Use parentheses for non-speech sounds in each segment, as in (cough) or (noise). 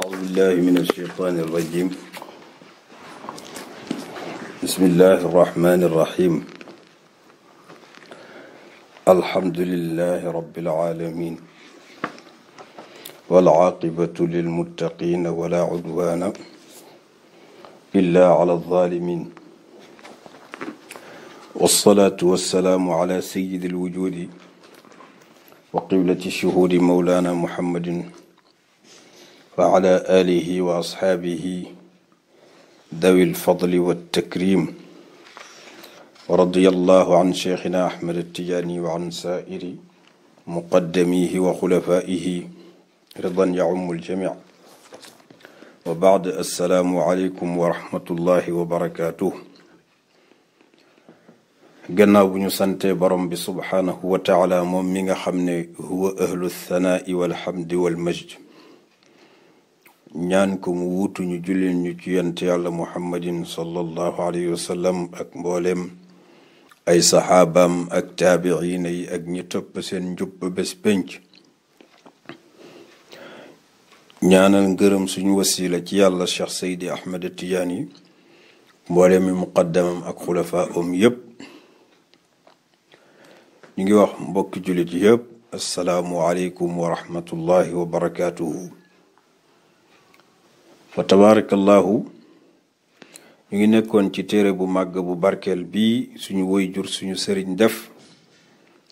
أعوذ بالله من الشيطان الرجيم بسم الله الرحمن الرحيم الحمد لله رب العالمين والعاقبة للمتقين ولا عدوان إلا على الظالمين والصلاة والسلام على سيد الوجود وقبلة الشهود مولانا محمد wa ala alihi wa ashaabihi dawi lfadli waltakrim radi allahu an cheikhina ahmad attijaani wa an saairi muqaddamihi wa xulafaihi ridan yacumu ljamic wa baad assalaamu aleykum wa rahmatullahi wa barakaatuh gannaaw bu ñu santee borom bi subhaanahu wa taala moom mi nga xam ne huwa ahlu lthanaai walhamdi walmajd ñaan ko mu wuutuñu jullit ñu ci yant yàlla muhammadin sallallahu alayhi wa sallam ak mbooleem ay saxaabaam ak taabiina yi ak ñu topp seen njub bés pénc ñaanal ngërëm suñu wasila ci yàlla cheikh saydi ahmed tijaani mbooleem mi muqaddamam ak xulafa om yépp ñu ngi wax mbokki jullit yépp asalaamu aleykum wa rahmatullahi wa fa tabaarakallahu ñu ngi nekkoon ci téere bu màgg bu barkeel bi suñu woy jur suñu sëriñ def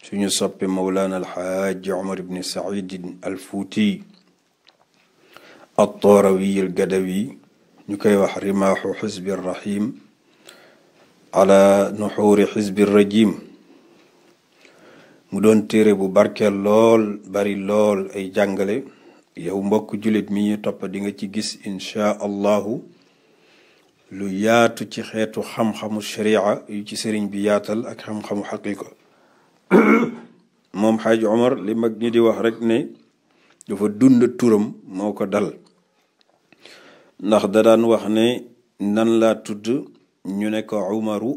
suñu soppe mawlaana alxaaji omar ibni saidin alfuuti attoorawi algadawi ñu koy wax rimaaxu xisbi rahim ala nuxuuri xisbi rajim mu doon téere bu barkeel lool bari lool ay jàngale yow mbokk jullit mi ñu topp di nga ci gis inchaa allahu lu yaatu ci xeetu xam-xamu sharia yu ci sëriñ bi yaatal ak xam-xamu xaqiqa (coughs) moom xaaj omar li mag ñi di wax rek ne dafa dund turam moo ko dal ndax da daan wax ne nan laa tudd ñu ne ko umaru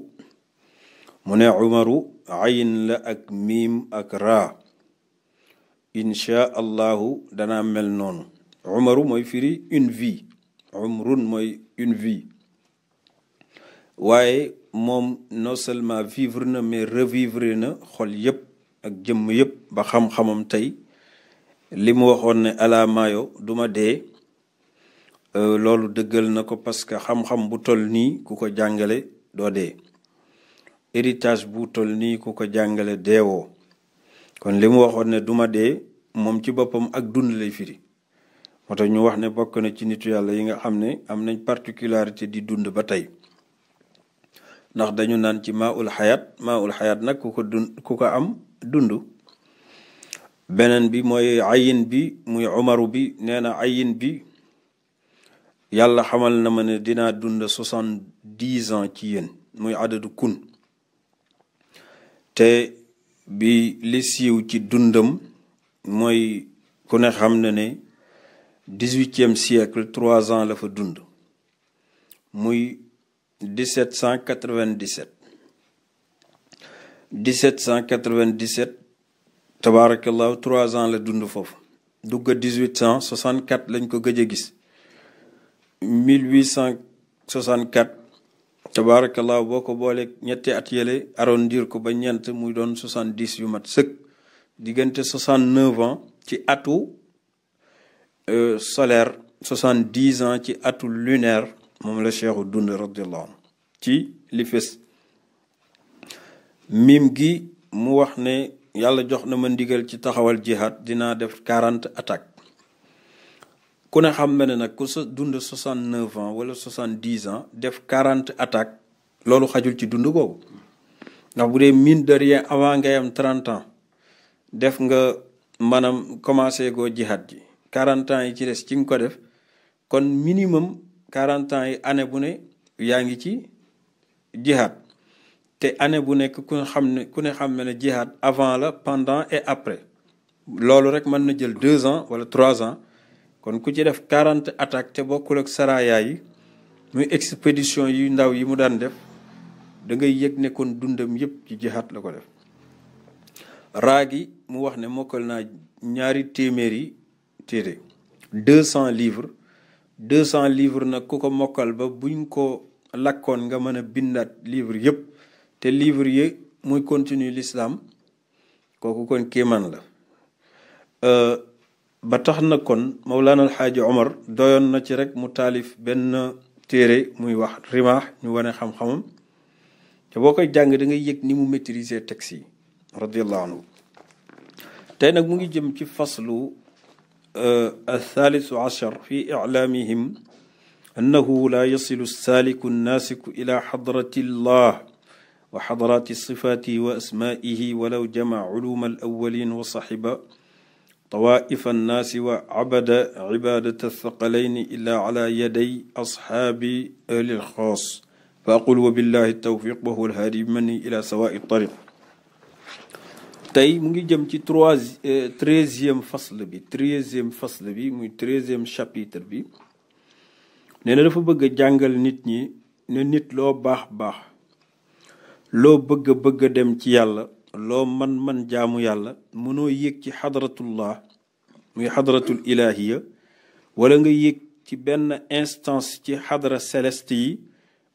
mu ne umaru ayin la ak miim ak raa incha allahu dana mel noonu umaru mooy firi une vie umrun mooy une vie waaye moom non seulement vivre na mais revivre na xol yëpp ak jëmm yëpp ba xam-xamam tey li waxoon ne ala maayo duma dee euh, loolu dëggal na ko parce que xam-xam bu toll nii ku ko jàngale doo dee héritage bu toll nii ku ko jàngale deewoo kon li waxoon ne duma dee moom ci boppam ak dund lay firi moo tax ñu wax ne bokk na ci nitu yàlla yi nga xam ne am nañ particularité di dund ba tey ndax dañu naan ci maa ul xayaat maa ul xayaat nag ku ko ku ko am dund beneen bi mooy ayin bi muy umaru bi nee na ayin bi yàlla xamal na ma ne dinaa dund soixante-dix ans ci yéen muy adadu kun te bi li siiw ci dundam mooy ku ne xam na ne dix-huitième siècle trois ans la fa dund muy 1797 1797 tabaarakallahu trois ans la dund foofu dugg 1864 lañ ko gëj a gis 1864 tabaarakallaahu boo ko boolee ñetti at yële arrondir ko ba ñeent muy doon soixante dix yu mat sëkk diggante soixante neuf ans ci atu euh, solaire soixante dix ans ci atu lunaire moom la cheikhu dund radiallahu anhu ci li fës mim gi mu wax ne yàlla jox na ma ndigal ci taxawal jihad dinaa def quarante attaque ku ne xam na ne nag ku sa dund soixante neuf ans wala soixante dix ans def quarante attaque loolu xajul ci dund googu ndax bu dee mine de rien avant nga am trente ans def nga maanam commencé goo jihad ji quarante ans yi ci des ci nga ko def kon minimum quarante ans yi année bu ne yaa ngi ci jihad te année bu nekk ku ne xam ne ku ne xam ne jihad avant la pendant et après loolu rek mën na jël deux ans wala trois ans. kon ku ci def 40 attaque te bokkul ak saraya yi muy expédition yu ndaw yi mu daan def da ngay yëg nekkoon dundam yëpp ci jihaat la ko def raagi mu wax ne mokkal naa ñaari téeméeri téere 200 livres 200 livres nag ku ko mokkal ba ñu ko lakkoon nga mën a bindaat livres yëpp te livres yi muy continue l'islam kooku kon kéemaan la euh, ba tax na kon Mawlana Alxaaji Omar doyoon na ci rek mu taalif benn téere muy wax rimaax ñu wane xam-xamam te boo koy jàng da ngay yëg ni mu maîtriser texte yi radiallahu anhu tey nag mu ngi jëm ci faslu euh, althaalisu ashar fi iclaamihim annahu laa yasilu saaliku nnaasiku ila xadrati llah wa xadrati sifaatihi wa asmaa'ihi walaw jama culuma alawalin wa saxiba طوائف الناس وعبد عبادة الثقلين إلا على يدي أصحاب أهل الخاص فأقول وبالله التوفيق وهو الهادي مني إلى سواء الطريق tey mu ngi jëm ci trois euh, treizième fasle bi treizième fasle bi muy treizième chapitre bi nee na dafa bëgg a jàngal nit ñi ne nit loo baax baax loo bëgg a bëgg a dem ci yàlla loo man man jaamu yàlla mënoo yéeg ci xadratullah muy xadratul ilahiya wala nga yéeg ci benn instance ci xadra céleste yi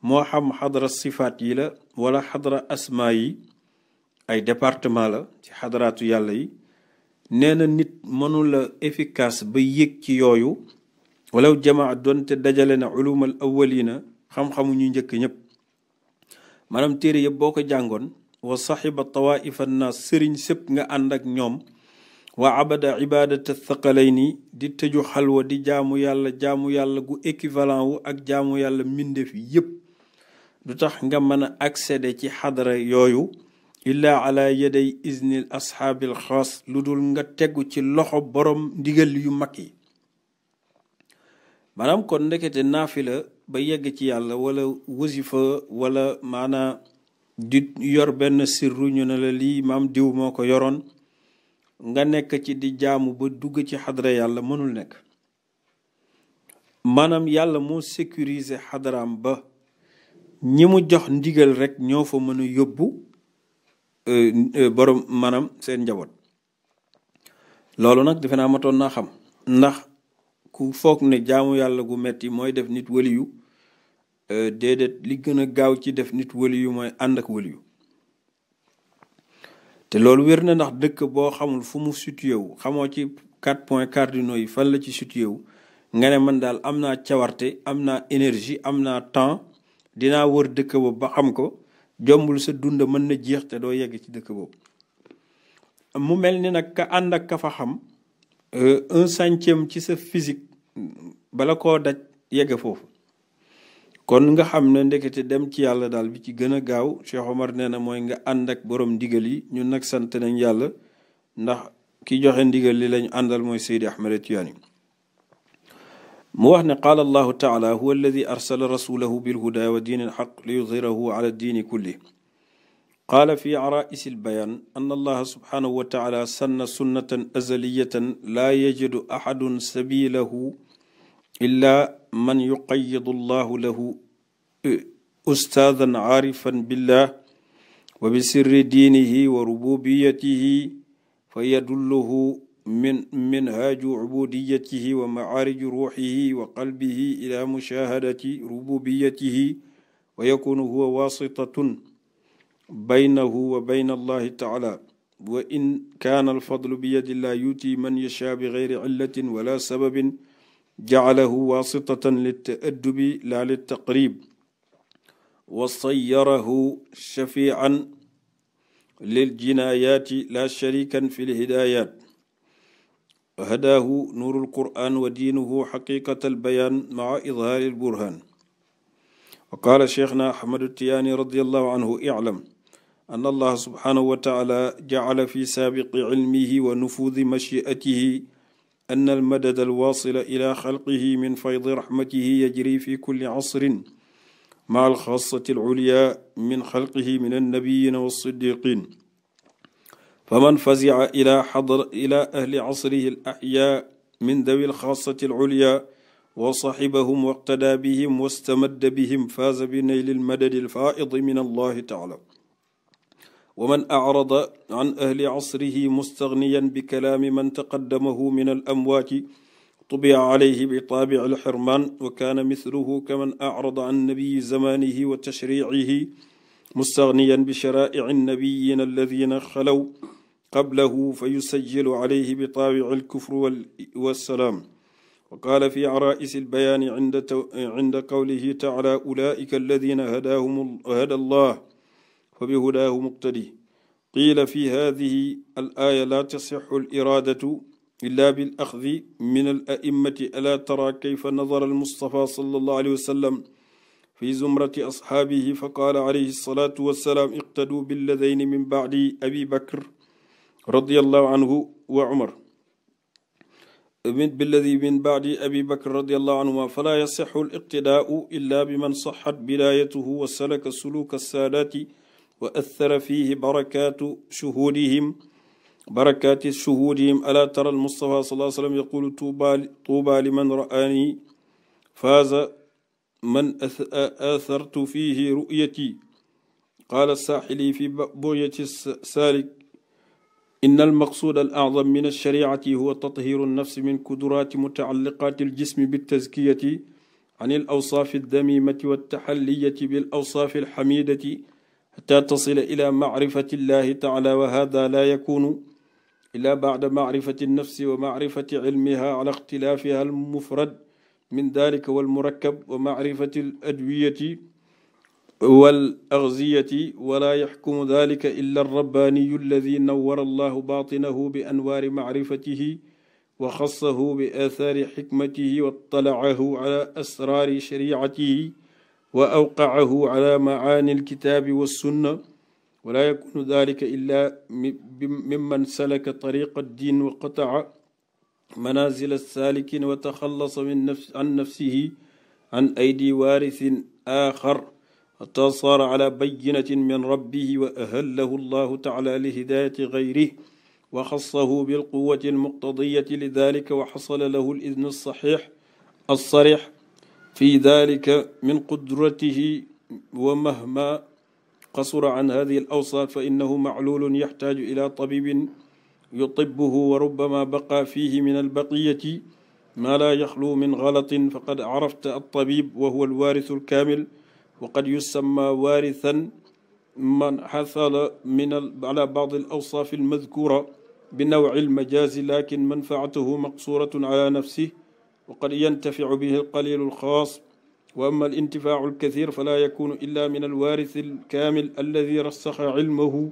moo xam xadra sifaat yi la wala xadra asma yi ay département la ci xadratu yàlla yi nee na nit mënula efficace ba yéeg ci yooyu walaw jamaa doonte dajale na ulumal awwalina xam-xamu ñu njëkk ñëpp maanaam téere yëpp boo ko jàngoon wa saxiba tawaifa annaas sëriñ sëpp nga ànd ak ñoom wa abada ibadata thaqalayni di tëju xalwa di jaamu yàlla jaamu yàlla gu équivalent wu ak jaamu yàlla mbindeef yépp du tax nga mën a accéder ci xadara yooyu illaa ala yaday iznil ashaabil xaas lu dul nga tegu ci loxo boroom ndigal yu mag yi maanaam kon ndekete naafila ba yegg ci yàlla wala wasifa wala maanaa di yor benn sirru ñu ne la lii maam diw moo ko yoroon nga nekk ci di jaamu ba dugg ci xadara yàlla mënul nekk maanaam yàlla moo sécuriser xadaraam ba ñi mu jox ndigal rek ñoo fa mën a yóbbu euh, euh, borom maanaam seen njaboot loolu nag defe naa matoon naa xam ndax ku foog ne jaamu yàlla gu metti mooy def nit waliyu Euh, déedéet li gën a gaaw ci def nit wëli yu mooy ànd ak te loolu wér na ndax dëkk boo xamul fu mu situé wu xamoo ci quatre points cardinaux yi fan la ci situé wu nga ne man daal am naa cawarte am naa énergie am naa temps dinaa wër dëkk boobu ba xam ko jombul sa dund mën na jeex te doo yegg ci dëkk boobu mu mel ni nag ka ànd ak ka fa xam euh, un cinquième ci sa physique bala koo daj yegg foofu kon nga xam ne ndekete dem ci yàlla daal bi ci gën a gaaw Cheikh Omar nee mooy nga ànd ak borom ndigal ñun nag sant nañ yàlla ndax ki joxe ndigal li lañu àndal mooy Seydi Ahmed Tidiane mu wax ne qaala allahu taala huwa alladi arsala rasulahu bilhuda wa diini alxaq li yudhirahu ala diini kulli qaala sanna sunnatan azaliyatan laa yajidu axadun sabilahu illaa man yuqayidu llahu lahu e, ustaadan aarifan billah wa bi sirri diinihi wa rububiyatihi fa yadulluhu min minhaaju ubudiyatihi wa macaariju ruuxihi wa qalbihi ila mushaahadati rububiyatihi wa yakunu huwa waasitatun baynahu wa bayna allahi taala wa in kaana alfadlu biyadi llah yuuti man yashaa bi gayri cillatin wala sababin jacalahu wasitatan litaddubi la litaqrib wa sayarahu shafian liljinayaati la sharikan fi lhidayat hadaahu nuuru lquran wa diinuhu xaqiqat albayan maca idhaari alburhan wa qaala cheikhna ahmadu tiyaani radiallahu anhu iclam an allah subhanahu wa taala jacala fi saabiqi cilmihi wa nufuudi mashiatihi أن المدد الواصل إلى خلقه من فيض رحمته يجري في كل عصر مع الخاصة العليا من خلقه من النبيين والصديقين فمن فزع إلى حضر إلى أهل عصره الأحياء من ذوي الخاصة العليا وصحبهم واقتدى بهم واستمد بهم فاز بنيل المدد الفائض من الله تعالى wa man acrada an ahli casrihi mustagniyan bi kalaami man taqaddamahu min al amwaaji tubiya calayhi bi taabici alxirmaan wa kaana misluhu kaman acrada can nabiyi zamaanihi wa tashriicihi mustagniyan bi sharaa'ici annabiyina alladina xalaw qablahu fa yusajilu calayhi bi taabici alkufri wassalaam وقال في عرائس البيان عند, عند قوله تعالى أولئك الذين هداهم هدى الله fa bi hudaahu muqtadi qiila fi haadihi al aaya laa tasixu al iraadatu illa bil axdi min al a'immati alaa tara kayfa nadara al mustafa sallallahu alayhi wa sallam fi zumrati asxaabihi fa qaala alayhi salaatu wa salaam iqtadu billadayni min bacdi abi bakr radiyallahu anhu wa umar billadi min bacdi abi bakr radiyallahu anhuma falaa yasixu al iqtidaau illa biman saxat bidaayatuhu wa salaka suluka saadaati wa athara fihi barakatu shuhudihim barakati shuhudihim ala tara almustafa sallallahu alayhi wa sallam yaqulu tuuba liman ra'ani faaza man athartu fihi ru'yati qaala saaxili fi bu'yati saalik inna almaqsuud alacdam min alshariicati huwa tathiiru alnafsi min kuduraati mutacalliqaati aljismi bittazkiyati can alawsaafi aldamiimati waltaxalliyati bilawsaafi alxamiidati xata tasila ila macrifati illahi taala wa hada la yakunu ila bacda macrifati nafsi wa macrifati cilmiha ala ixtilaafiha almufrad min dalika walmurakab wa macrifati aladwiyati والاغذيه ولا يحكم ذلك الا الرباني الذي نور الله باطنه بانوار معرفته وخصه باثار حكمته واطلعه على اسرار شريعته wa awqaahu ala maani alkitaabi walsunna wala yakunu dalika illa mimman salaka tariqa addin wa qataa manazil alsalikin wa taxallasa min an nafsihi an aydi waarisin axar xata saara ala bayinatin min rabbihi wa ahallahu allahu taala lihidayati gayrih wa xassahu bilquwati almuqtadiyati lidalika wa xasala lahu alidnu alsaxix alsarix في ذلك من قدرته ومهما قصر عن هذه الأوصاف فإنه معلول يحتاج إلى طبيب يطبه وربما بقى فيه من البقية ما لا يخلو من غلط فقد عرفت الطبيب وهو الوارث الكامل وقد يسمى وارثا من حصل من على بعض الأوصاف المذكورة بنوع المجاز لكن منفعته مقصورة على نفسه وقد ينتفع به القليل الخاص وأما الانتفاع الكثير فلا يكون إلا من الوارث الكامل الذي رسخ علمه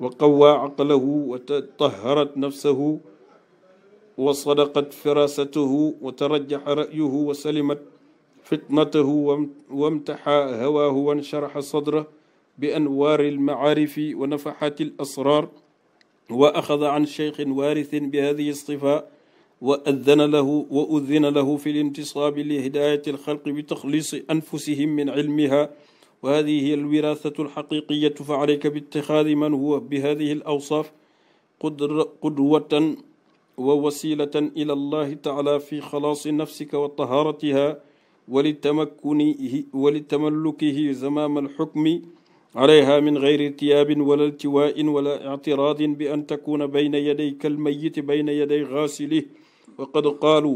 وقوى عقله وطهرت نفسه وصدقت فراسته وترجح رأيه وسلمت فطنته وامتحى هواه وانشرح صدره بأنوار المعارف ونفحات الأسرار وأخذ عن شيخ وارث بهذه الصفة وأذن له وأذن له في الانتصاب لهداية الخلق بتخليص أنفسهم من علمها وهذه هي الوراثة الحقيقية فعليك باتخاذ من هو بهذه الأوصاف قدوة ووسيلة إلى الله تعالى في خلاص نفسك وطهارتها ولتمكنه ولتملكه زمام الحكم عليها من غير ارتياب ولا التواء ولا اعتراض بأن تكون بين يديك الميت بين يدي غاسله wa qad qaalu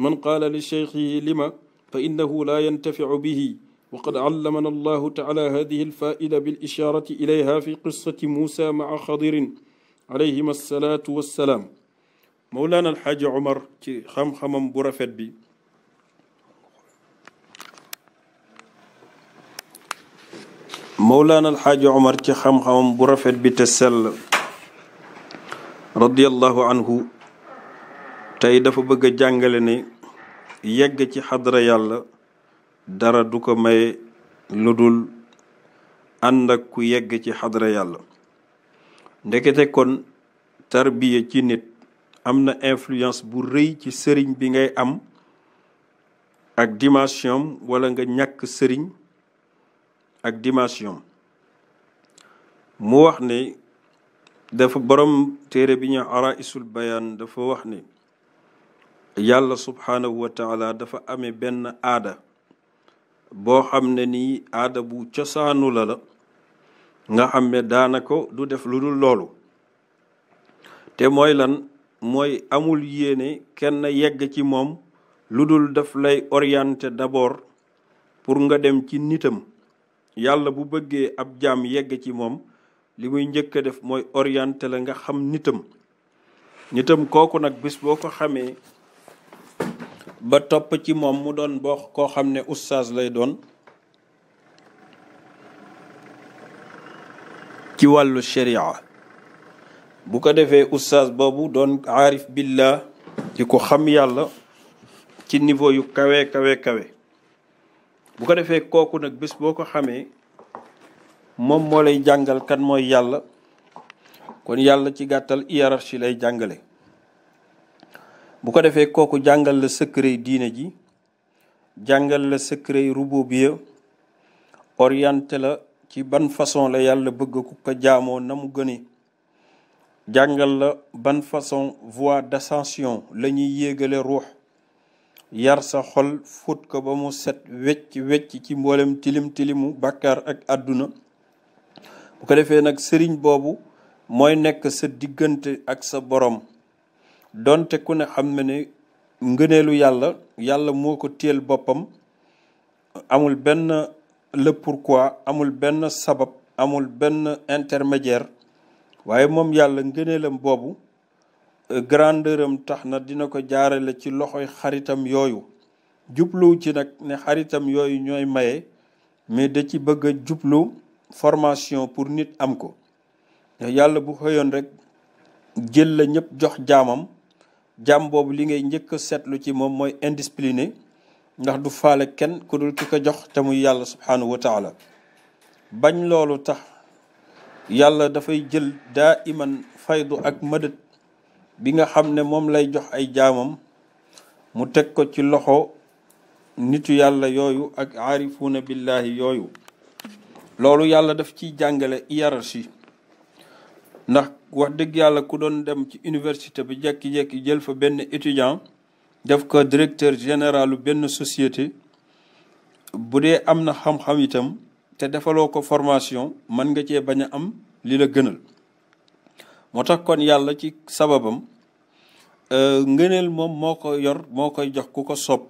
man qaala li cheikhihi lima fa innahu laa yantaficu bihi wa qad allamana allahu taala hadihi alfaida bilisharati ilayha fi qissati muusa maa xadirin alayhima alsalaatu wassalaam mawlaana alxaaji omar ci xam-xamam bu rafet bi mawlaana alxaaji omar ci xam-xamam bu rafet bi te sell radiallahu anhu tey dafa bëgg a jàngale ni yegg ci xadara yàlla dara du ko maye lu dul ànd ak ku yegg ci xadara yàlla ndekete kon tarbiya ci nit am na influence bu rëy ci sëriñ bi ngay am ak dimension walla nga ñàkk sëriñ ak dimension mu wax ne dafa boroom téere bi ñu ara bayaan dafa wax ne yàlla subhaanahu wa taala dafa ame benn aada boo xam ne nii aada bu cosaanu la la nga xam ne daanaka du def lu dul loolu te mooy lan mooy amul yéene kenn yegg ci moom lu dul daf lay orienté d'abord pour nga dem ci nitam yàlla bu bëggee ab jaam yegg ci moom li muy njëkk a def mooy orienté la nga xam nitam nitam kooku nag bis boo ko xamee ba topp ci moom mu doon boo koo xam ne oustaz lay doon ci wàllu sharia bu ko defee oustaz boobu doon aarif billah di ko xam yàlla ci niveau yu kawe kawe kawe bu ko defee kooku nag bés boo ko xamee moom moo lay jàngal kan mooy yàlla kon yàlla ci gàttal hiérarchie lay jàngale bu ko defee kooku jàngal la secret diine ji jàngal la secret rububiyya orienté la ci ban façon la yàlla bëgg ku ko jaamoo na mu gënee jàngal la ban façon voie d'ascension la ñuy yéegale ruux yar sa xol fóot ko ba mu set wecc wecc ci mboolem tilim tilimu bàkkaar ak àdduna bu ko defee nag sëriñ boobu mooy nekk sa diggante ak sa boroom donte ku ne xam na ne ngëneelu yàlla yàlla moo ko téel boppam amul benn le pourquoi amul benn sabab amul benn intermédiaire waaye moom yàlla ngëneelam boobu euh, grandeuram tax na dina ko jaarale ci loxoy xaritam yooyu jubluwu ci nag ne xaritam yooyu ñooy maye mais da ci bëgg a jublu formation pour nit am ko yàlla bu xëyoon rek jël la ñëpp jox jaamam jàmm boobu li ngay njëkk a seetlu ci moom mooy indiscipliné ndax du faale kenn ku dul ki ko jox te muy yàlla subhanahu wa bañ loolu tax yàlla dafay jël daa iman faydu ak mëdët bi nga xam ne moom lay jox ay jaamam mu teg ko ci loxo nitu yàlla yooyu ak aarifuuna billahi yooyu loolu yàlla def ciy jàngale hiérarchie ndax wax dëgg yàlla ku doon dem ci université bi jekki-jekki jël fa benn étudiant def ko directeur généralu benn société bu dee am na xam-xam itam te defaloo ko formation man nga cee bañ a am li la gënal moo tax kon yàlla ci sababam euh, ngëneel moom moo ko yor moo koy jox ku ko sob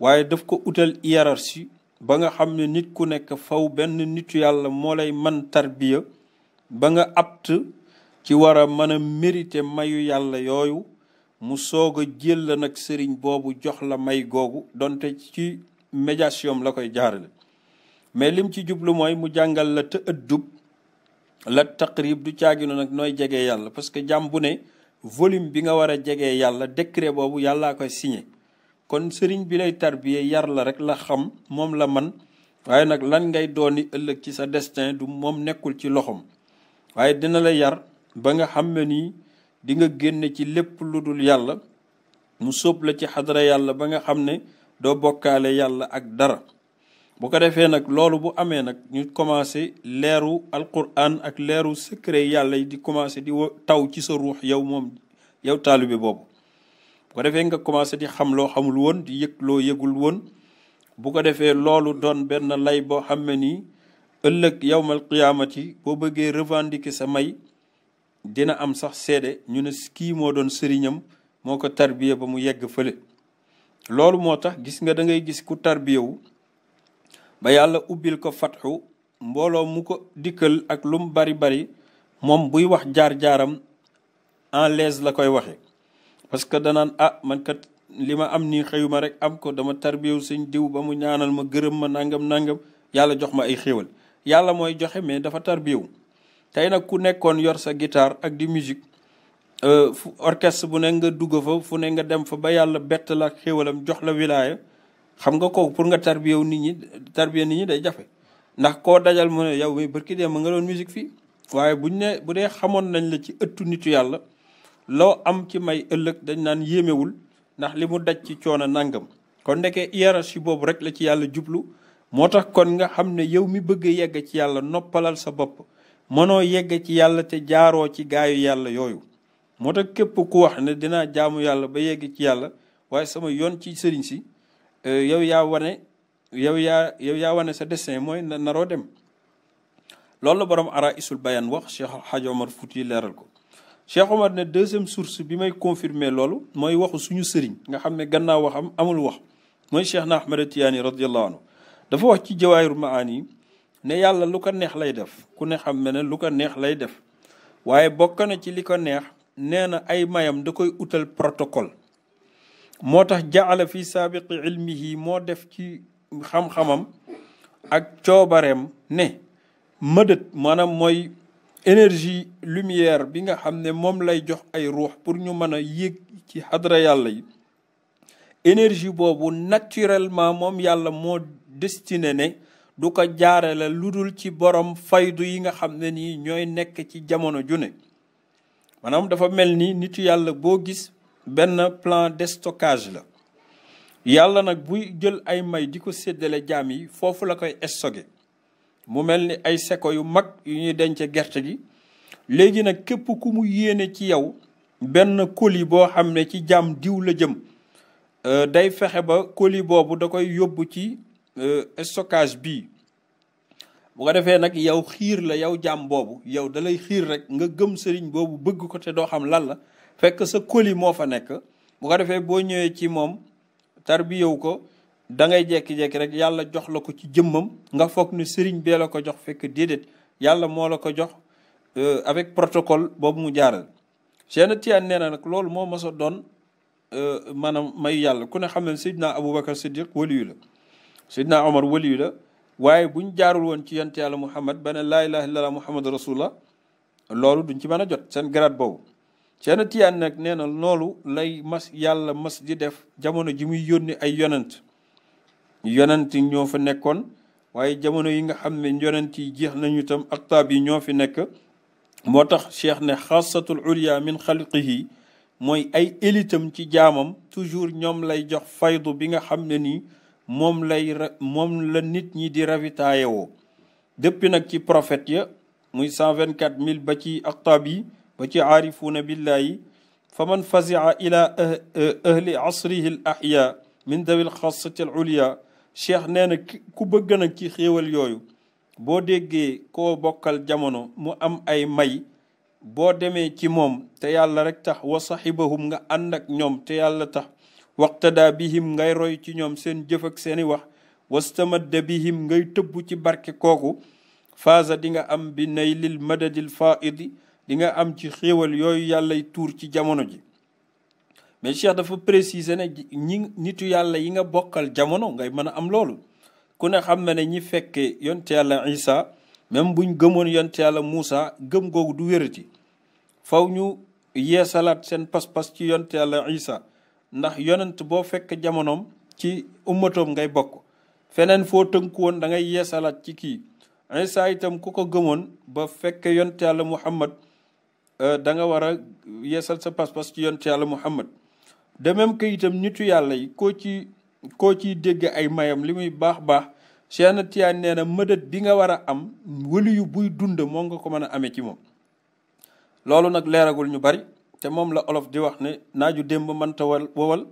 waaye def ko utal hiérarchie ba nga xam ne nit ku nekk faw benn nitu yàlla moo lay man tarbiya ba nga apt ci war a mën a mérité mayu yàlla yooyu mu soog a jël la nag sëriñ boobu jox la may googu donte ci médiation la koy jaarale mais lim ci jublu mooy mu jàngal la te ëddub la taqrib du caagino nag nooy jege yàlla parce que jàmm bu ne volume bi nga war a jegee yàlla décret boobu yàllaa koy signé kon sëriñ bi lay tarbiye yar la rek la xam moom la man waaye nag lan ngay dooni ëllëg ci sa destin du moom nekkul ci loxoom waaye dina la yar ba nga xam ne nii di nga génn ci lépp lu dul yàlla mu sóob la ci xadara yàlla ba nga xam ne doo bokkaale yàlla ak dara bu ko defee nag loolu bu amee nag ñu commencé leeru alquran ak leeru secret yàlla di commencé di taw ci sa ruux yow moom yow taalibe boobu bu ko defee nga commencé di xam loo xamul woon di yëg loo yëgul woon bu ko defee loolu doon benn lay boo xam ne nii ëllëg yowmal qiyaamati boo bëggee revendiquer sa may dina am sax seede ñu ne kii moo doon sëriñam moo ko tarbiye ba mu yegg fële loolu moo tax gis nga da ngay gis ku tarbiyewu ba yàlla ubbil ko fatxu mbooloo mu ko dikkal ak lu mu bari bari moom buy wax jaar-jaaram en l'aise la koy waxe parce que danaan ah man kat li ma am nii xëyuma rek am ko dama tarbiyewu sëñ diw ba mu ñaanal ma gërëm ma nangam nangam yàlla jox ma ay xéewal yàlla mooy joxe mais dafa tarbiyewu tey nag ku nekkoon yor sa guitare ak di musique euh, fu orchestre bu ne nga dugg fa fu ne nga dem fa ba yàlla bett la ak xéwalam jox la wilaaya xam nga kooku pour nga tarbiyew nit ñi tarbiye nit ñi day jafe ndax koo dajal mu ne yow bay barki dee ma nga doon musique fii waaye buñ ne bu dee xamoon nañ la ci ëttu nitu yàlla loo am ci may ëllëg dañ naan yéemewul ndax li mu daj ci coono nangam kon ndekee hiérarchie boobu rek la ci yàlla jublu moo tax kon nga xam ne yow mi bëgg a yegg ci yàlla noppalal sa bopp mënoo yegg ci yàlla te jaaroo ci gaayu yàlla yooyu moo tax képp ku wax ne dinaa jaamu yàlla ba yegg ci yàlla waaye sama yoon ci sëriñ si euh, yow yaa wane yow yaa yow yaa wane sa destin mooy na naroo dem loolu la borom ara isul bayan wax Cheikh Hadj Omar Fouti leeral ko Cheikh Omar ne deuxième source bi may confirmer loolu mooy waxu suñu sëriñ nga xam ne gannaaw waxam amul wax mooy Cheikh na Ahmada Tiyaani radiyallahu anhu dafa wax ci jawaahiru maani ne yàlla lu ko neex lay def ku ne xam ne lu ko neex lay def waaye bokk na ci li ko neex nee na ay mayam da koy utal protocole moo tax jaala fi saabiqi ilmihi moo def ci xam-xamam ak coobareem ne mëdët maanaam mooy énergie lumière bi nga xam ne moom lay jox ay ruux pour ñu mën a yéeg ci xadra yàlla yi énergie boobu naturellement moom yàlla moo destiné ne du ko jaare la lu dul ci borom faydu yi nga xam ne nii ñooy nekk ci jamono ju ne maanaam dafa mel ni nitu yàlla boo gis benn plan de stockage la yàlla nag buy jël ay may di ko séddale jaam yi foofu la koy stocké mu mel ni ay seko yu mag yu ñuy denc gerte gi léegi nag képp ku mu yéene ci yow benn koli boo xam ne ci jaam diw la jëm euh, day fexe ba koli boobu da koy yóbbu ci Euh, stockage bi bu ko defee nag yow xiir la yow jaam boobu yow da lay xiir rek nga gëm sëriñ boobu bëgg ko te doo xam lan la fekk sa koli moo fa nekk bu ko defee boo ñëwee ci moom tarbiyewu ko dangay ngay jekki rek yàlla jox la ko ci jëmmam nga foog ni sëriñ bee la ko jox fekk déedéet yàlla moo la ko jox euh, avec protocole boobu mu jaaral Cheikh Tijaan nee na nag loolu moo mos a doon euh, maanaam mayu yàlla ku ne xam ne Seydina Aboubacar Siddiq waliyu la Seydina Omar waliyu la waaye buñ jaarul woon ci yant yàlla Muhammad ba ne laa ilaha illallah Muhammad rasulullah loolu duñ ci mën a jot seen grade boobu. Seydina Tijaan nag nee na loolu lay mas yàlla mas di def jamono ji muy yónni ay yonent yonent ñoo fa nekkoon waaye jamono yi nga xam ne yonent yi jeex nañu itam aktaab yi ñoo fi nekk. moo tax cheikh ne xaasatul ulya min xalqihi mooy ay élitam ci jaamam toujours ñoom lay jox faydu bi nga xam ne nii moom lay moom la nit ñi di ravitaaye woo depuis nag ci profet ya muy cent vingt quatre mille ba ci aqtaab yi ba ci aarifuuna billaahi fa man fazia ila ah, ah, ahli asrihi l ahya min dawil xasati al ulia cheikh nee nag ku bëgg nag ci xéewal yooyu boo déggee koo bokkal jamono mu am ay may boo demee ci moom te yàlla rek tax wa sahibahum nga ànd ak ñoom te yàlla tax bi bihim ngay roy ci ñoom seen jëf ak seeni wax wastamadda bihim ngay tëbb ci barke kooku faasa di nga am bi naylil madadil faidi di nga am ci xéewal yooyu yàllay tuur ci jamono ji mais Cheikh dafa préciser ne ñi nitu yàlla yi nga bokkal jamono ngay mën a am loolu ku ne xam na ne ñi fekkee yonte yàlla Isa même buñ gëmoon yonte yàlla Moussa gëm googu du wérati fow ñu yeesalaat seen pas-pas ci yonte yàlla Isa ndax yonent boo fekk jamonoom ci ummatoom ngay bokk feneen foo tënku woon da ngay yeesalaat ci kii Isa itam ku ko gëmoon ba fekk yonent yàlla Muhammad euh, da nga war a yeesal sa pas ci yonent yàlla Muhammad de même que itam nitu yàlla yi koo ci koo ciy dégg ay mayam li muy baax baax Cheikh Tijaan nee na mëdët bi nga war a am wëli buy dund moo nga ko mën a amee ci moom loolu nag leeragul ñu bari te moom la olof di wax ne naaju démb manta wal wowal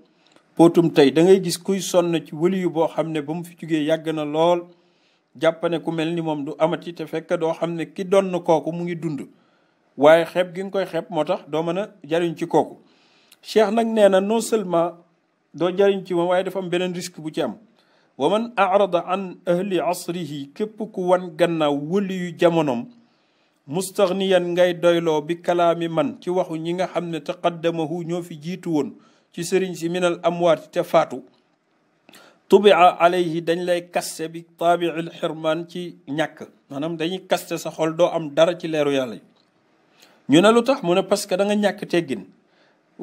potum tey da ngay gis kuy sonn ci wëliyu boo xam ne ba mu fi jugee yàgg na lool jàppane ku mel ni moom du amati te fekk doo xam ne ki doon na kooku mu ngi dund waaye xeeb gi nga koy xeeb moo tax doo mën a jariñ ci kooku cheikh nag nee na non seulement doo jariñ ci moom waaye dafa am beneen risque bu ci am wa man arada an ahli asrihi képp ku wan gannaaw wëliyu jamonoom mustaxniyan ngay doyloo bi kalaami man ci waxu ñi nga xam ne taqaddamahu ñoo fi jiitu woon ci sëriñ si minal amwaati te faatu tubia alayhi dañ lay kaste bi taabiil xirmaan ci ñàkk maanaam dañuy kaste sa xol doo am dara ci leeru yàlla ñu ne lu tax mu ne parce que da nga ñàkk teggin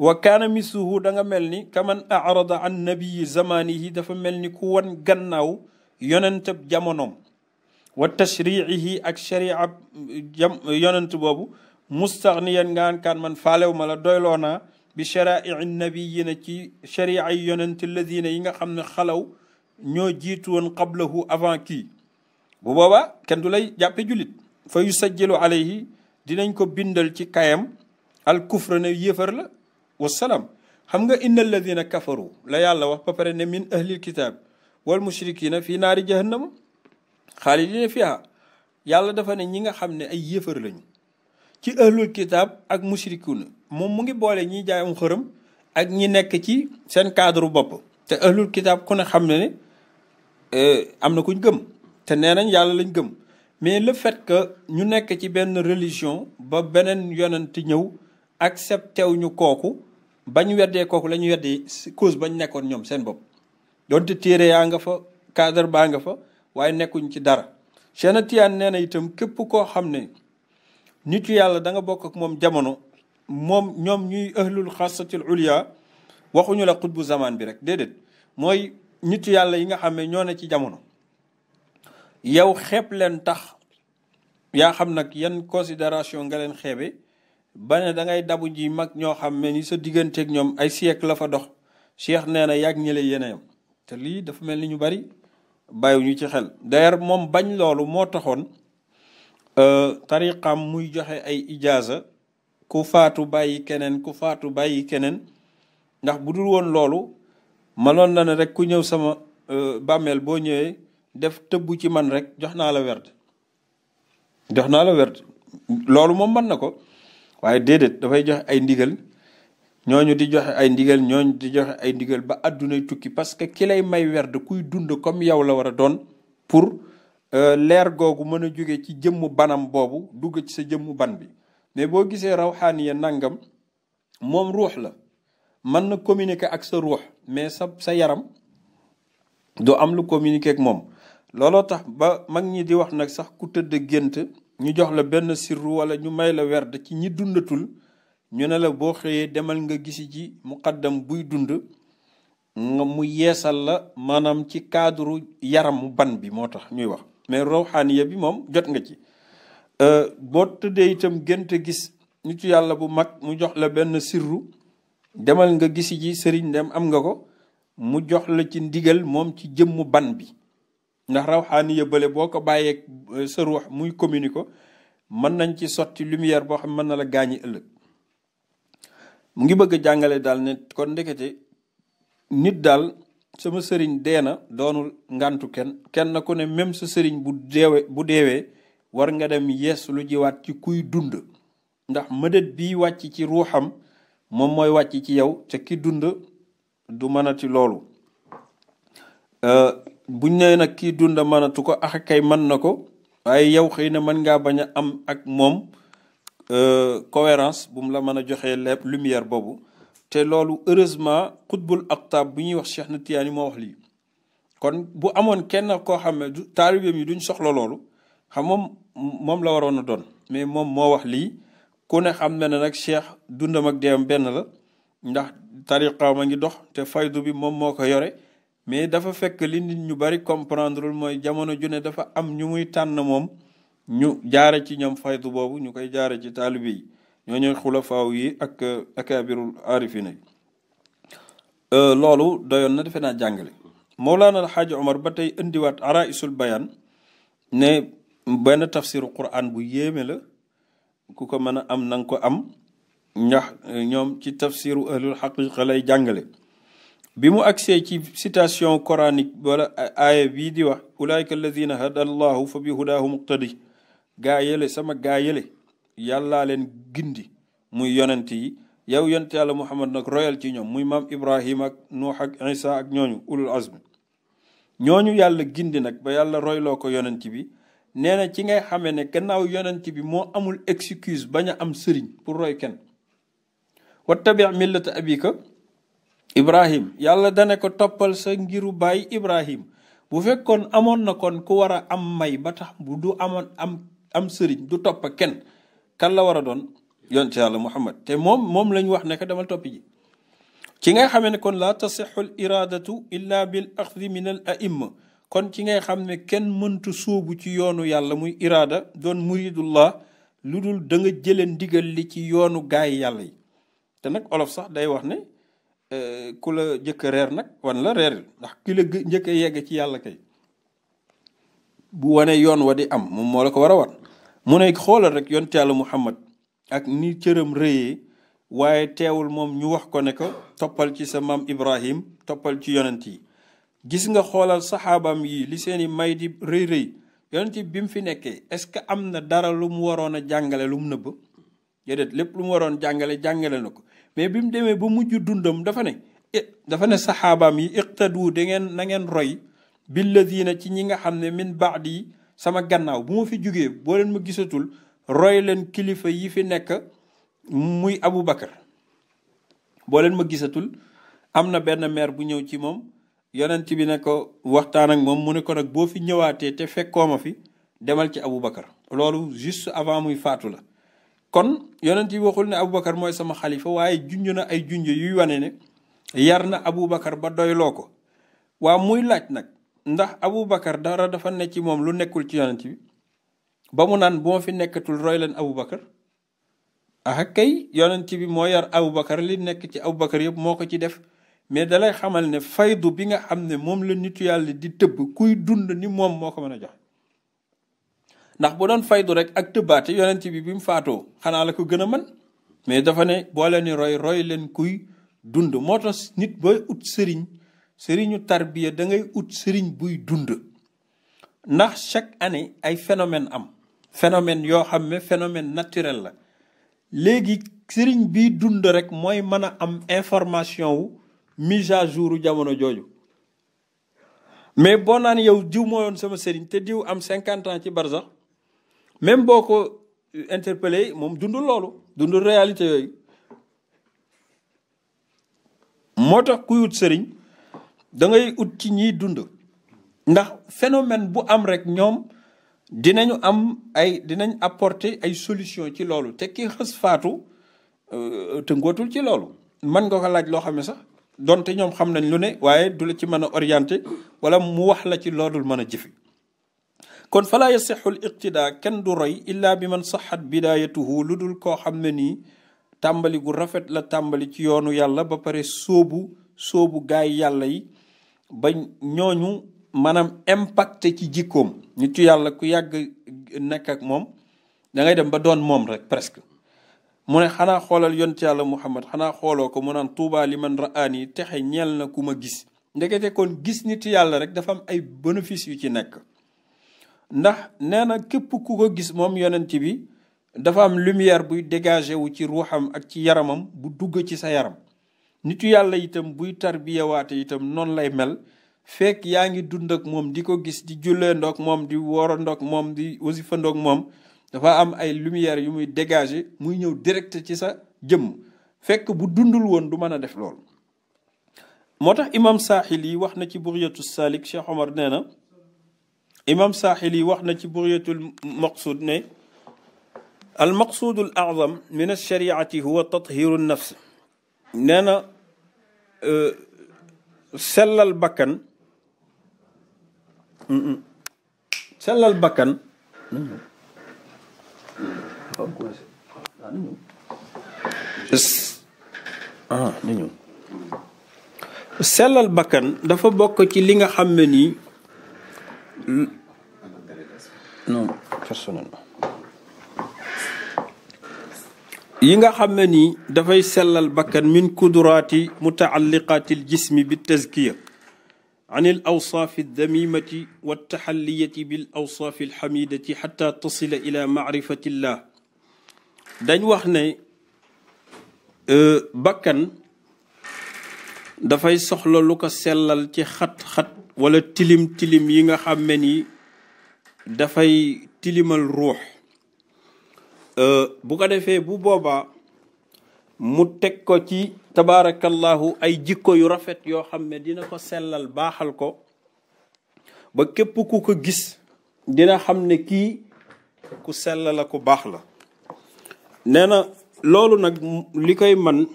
wa kaana misuhu da nga mel ni kaman arada an nabii zamaanihi dafa mel ni ku wan gannaaw yonentab jamonoom wa tashriihi ak shari'a jam yonent boobu mustaxniyan ngaan kaan man faalew mala la doyloo naa bi sharaii nabiyina ci shari'a yi yonent lazina yi nga xam ne xalaw ñoo jiitu woon qablahu avant kii bu booba kenn du lay jàppe jullit fa yusajjilu alayhi dinañ ko bindal ci kayam al kufra ne yéefar la wasalaam xam nga inna alladina kafaru la yàlla wax ba pare ne min ahlil kitaab wal mushrikina fii naari jahannama xaalidina fiha yàlla defa ne ñi nga xam ne ay yéefar lañu ci ahlul kitaab ak mushrikuna moom mu ngi boole ñiy jaay am xërëm ak ñi nekk ci seen cadre bopp te ahlul kitaab ku ne xam ne ne am na kuñ gëm te nee nañ yàlla lañ gëm mais le fait que ñu nekk ci benn religion ba beneen yonent ñëw accepté wu ñu kooku bañ weddee kooku la ñu weddee cause bañ nekkoon ñoom seen bopp donte téere yaa nga fa cadre baa nga fa waaye nekkuñ ci dara Cheikh na Tijaan nee na itam képp koo xam ne nitu yàlla da nga bokk ak moom jamono moom ñoom ñuy ahlul xasatil ulia waxuñu la bu zaman bi rek déedéet mooy nitu yàlla yi nga xam ne ñoo ne ci jamono yow xeeb leen tax yaa xam nag yan considération nga leen xeebe ba ne da ngay dabu ji mag ñoo xam ne ni sa digganteeg ñoom ay siècle la fa dox Cheikh nee na yàgg ñi la yéen te lii dafa mel ni ñu bari bàyyiwuñu ci xel d'ailleurs moom bañ loolu moo taxoon euh, tariqam muy joxe ay ijaaza ku faatu bàyyi keneen ku faatu bàyyi keneen ndax bu dul woon loolu manoon na ne rek ku ñëw sama euh, bàmmeel boo ñëwee def tëbbu ci man rek jox naa la werd jox naa la werd loolu moom mën na ko waaye déedéet dafay joxe ay ndigal ñoo ñu di joxe ay ndigal ñooñu di joxe ay ndigal ba àdduna tukki parce que ki lay may werd kuy dund comme yow la war a doon pour euh, leer googu mën a jóge ci jëmmu banam boobu dugg ci sa jëmmu ban bi mais boo gisee rawxaaniya nangam moom ruux la mën na communiquer ak sa ruux mais sa sa yaram du am lu communiquer ak moom looloo tax ba mag ñi di wax nag sax ku tëdd gént ñu jox la benn sirru wala ñu may la werd ci ñi dundatul ñu ne la boo xëyee demal nga gisi ji muqaddam buy dund nga mu yeesal la maanaam ci cadre yaramu ban bi moo tax ñuy wax mais rawxaaniya bi moom jot nga ci euh, boo tëddee itam gënt gis nitu yàlla bu mag mu jox la benn sirru demal nga gisi ji sëriñ dem am nga ko mu jox la ci ndigal moom ci jëmmu ban bi ndax rawxaaniya bale boo ko bàyyeek euh, sa ruux muy communiqué ko mën nañ ci sotti lumière boo xam mën na la gaañi ëllëg mu ngi bëgg a jàngale daal ne kon ndekete nit daal sama sëriñ dee na doonul ngantu kenn kenn ku ne même sa sëriñ bu deewee war nga dem yees lu jiwaat ci kuy dund ndax mëdët bi wàcc ci ruuxam moom mooy wàcc ci yow te ki dund du mënati loolu euh, buñ nee nag kii dund mënatu ko ax kay mën na ko waaye yow xëy na mën nga baña am ak moom Euh, cohérence bu mu la mën a joxee lépp lumière boobu te loolu heureusement xutbul aqtaab bu ñuy wax Cheikh na Tiyaani moo wax lii kon bu amoon kenn koo xam ne taalibeem yi duñ soxla loolu xam moom la waroon a doon mais moom moo wax lii ku ne xam na ne nag Cheikh dundam ak deem benn la ndax tariqa a ngi dox te faydu bi moom moo ko yore mais dafa fekk li nit ñu bari comprendre mooy jamono ju ne dafa am ñu muy tànn moom ñu jaare ci ñoom faydu boobu ñu koy jaare ci taalibe yi ñoo ñooy xulafaaw yi ak akaabirul aarifina yi euh, loolu doyoon na defe naa jàngale Mawlaana Alxaaji Omar ba tey indiwaat araisul bayaan ne benn tafsiru quran bu yéeme la ku ko mën a am na ko am ñax ñoom ci tafsiru ahlul xaqiqa lay jàngale bi mu agsee ci situation coranique wala aaya bii di wax ulaayika alladina hada allahu fa bi hudaahu muqtadi gaa yële sama gaa yële yàllaa leen gindi muy yonent yi yow yonent yàlla muhammad nag royal ci ñoom muy maam ibrahima ak nuux ak isa ak ñooñu ulul azmi ñooñu yàlla gindi nag ba yàlla royloo ko yonent bi neena ci ngay xamee ne gannaaw yonent bi moo amul excuse baña am sëriñ pour roy kenn wa tabi millata abika ibrahim yàlla dane ko toppal sa ngiru baay ibrahim bu fekkoon amoon na kon ku war a am may ba tax bu du amoon am am sëriñ du topp kenn kan la war a doon yoon ci yàlla muhammad te moom moom lañu wax ne demal topp ji ci ngay xamee ne kon laa tasixu l iradatu illa bil axdi min al kon ci ngay xam ne kenn mëntu sóobu ci yoonu yàlla muy iraada doon muridullah lu dul da nga jëlee ndigal li ci yoonu gaay yàlla yi te nag olof sax day wax ne euh, ku la jëkk reer nag wan la reeril ndax kila la njëkk a yegg ci yàlla kay bu wanee yoon wa di am moom moo la ko war a wan mu nekk xoolal rek yonte yàlla Muhammad ak ni cëram rëyee waaye teewul moom ñu wax ko ne toppal ci sa maam Ibrahim toppal ci yonent yi gis nga xoolal saxaabaam yi li seeni may di rëy rëy yonent bi mu fi nekkee est-ce que am na dara lu mu waroon a jàngale lu mu nëbb déedéet lépp lu mu waroon jàngale jàngale na ko mais bi mu demee ba mujj dundam dafa ne dafa ne saxaabaam yi iqtadu da ngeen na ngeen roy billadina ci ñi nga xam ne min baadi sama gannaaw bu ma fi jógee boo leen ma gisatul roy leen kilifa yi fi nekk muy Abu Bakar boo leen ma gisatul am na benn maire bu ñëw ci moom yonent bi ne ko waxtaan ak moom mu ne ko nag boo fi ñëwaatee te fekkoo ma fi demal ci Abu Bakar loolu juste avant muy faatu la kon yonent bi waxul ne Abu Bakar mooy sama xalifa waaye junj na ay junj yuy wane ne yar na Abu Bakar ba doyloo ko waa muy laaj nag ndax Aboubacar dara dafa ne ci moom lu nekkul ci yonent bi ba mu naan bu ma fi nekkatul roy leen Aboubacar ah kay yonent bi moo yar Aboubacar li nekk ci bakar yëpp moo ko ci def mais dalay xamal ne faydu bi nga am ne moom la nitu yàlla di tëbb kuy dund ni moom moo ko mën a jox ndax bu doon faydu rek ak tëbbaate yonent bi bi mu faatoo xanaa la ko gën a mën mais dafa ne boo leen roy roy leen kuy dund moo tax nit ba ut sëriñ sëriñu tarbiya da ngay ut sëriñ buy dund ndax chaque année ay phénomène am phénomène yoo xam ne phénomène naturel la léegi sëriñ biy dund rek mooy mën a am information wu mise à jour jamono jooju mais boo naan yow diw mooyoon sama sëriñ te diw am cinquante ans ci barsax même boo ko euh, interpellé moom dundul loolu dundul réalité yooyu moo tax kuy wut sëriñ da ngay ut ci ñiy dund ndax phénomène bu am rek ñoom dinañu am ay dinañ apporter ay solution ci loolu te ki xës faatu euh, tëngootul ci loolu mën nga ko laaj loo xam ne sax donte ñoom xam nañ lu ne waaye du la ci mën a orienté wala mu wax la ci loolul mën a jëfi kon fala yasixu l iqtidaa kenn du roy illa bi man sax saxat bidayatuhu lu dul koo xam ne nii tàmbali gu rafet la tàmbali ci yoonu yàlla ba pare soobu sóobu gaay yàlla yi ba ñooñu maanaam impacté ci jikkoom nitu yàlla ku yàgg nekk ak moom da ngay dem ba doon moom rek presque mu ne xanaa xoolal yonent yàlla muhammad xanaa xooloo ko mu naan tuubaa li man raani texe ñeel na ku ma gis ndekete kon gis nitu yàlla rek dafa am ay bénéfice yu ci nekk ndax nee na képp ku ko gis moom yonent bi dafa am lumière buy dégagé wu ci ruuxam ak ci yaramam bu dugg ci sa yaram nitu yàlla itam buy tarbiyawaate itam noonu lay mel fekk yaa ngi dund ak moom di ko gis di jullee ndoog moom di wooro ndoog moom di wasifa ndoog moom dafa am ay lumière yu muy dégager muy ñëw direct ci sa jëmm fekk bu dundul woon du mën a def lool moo tax imam saaxil yi wax na ci buriyatu salik Cheikh Omar nee na imam saaxil yi wax na ci buriyatul maqsud ne al maqsudu al azam min alshariati huwa tathiru nafs Euh, sellal bakkan mm, mm. sellal bakkan ah, sellal bakkan dafa bokk ci li nga xam ne nii yi nga xam ne nii dafay sellal bakkan min kuduraati mutaalliqaati aljismi bi tazkiya an al awsaafi aldamimati wa taxalliyati bil awsaafi alxamidati xata tasila ila maarifatillah dañ wax ne e, bakkan dafay soxla ko sellal ci xat-xat wala tilim-tilim yi nga xam ne nii dafay tilimal ruux Euh, bu ko defee bu boobaa mu teg ko ci tabaarakallahu ay jikko yu rafet yoo xam ne dina ko sellal baaxal ko ba képp ku ko gis dina xam ne kii ku sell la ku baax la nee na loolu nag li koy man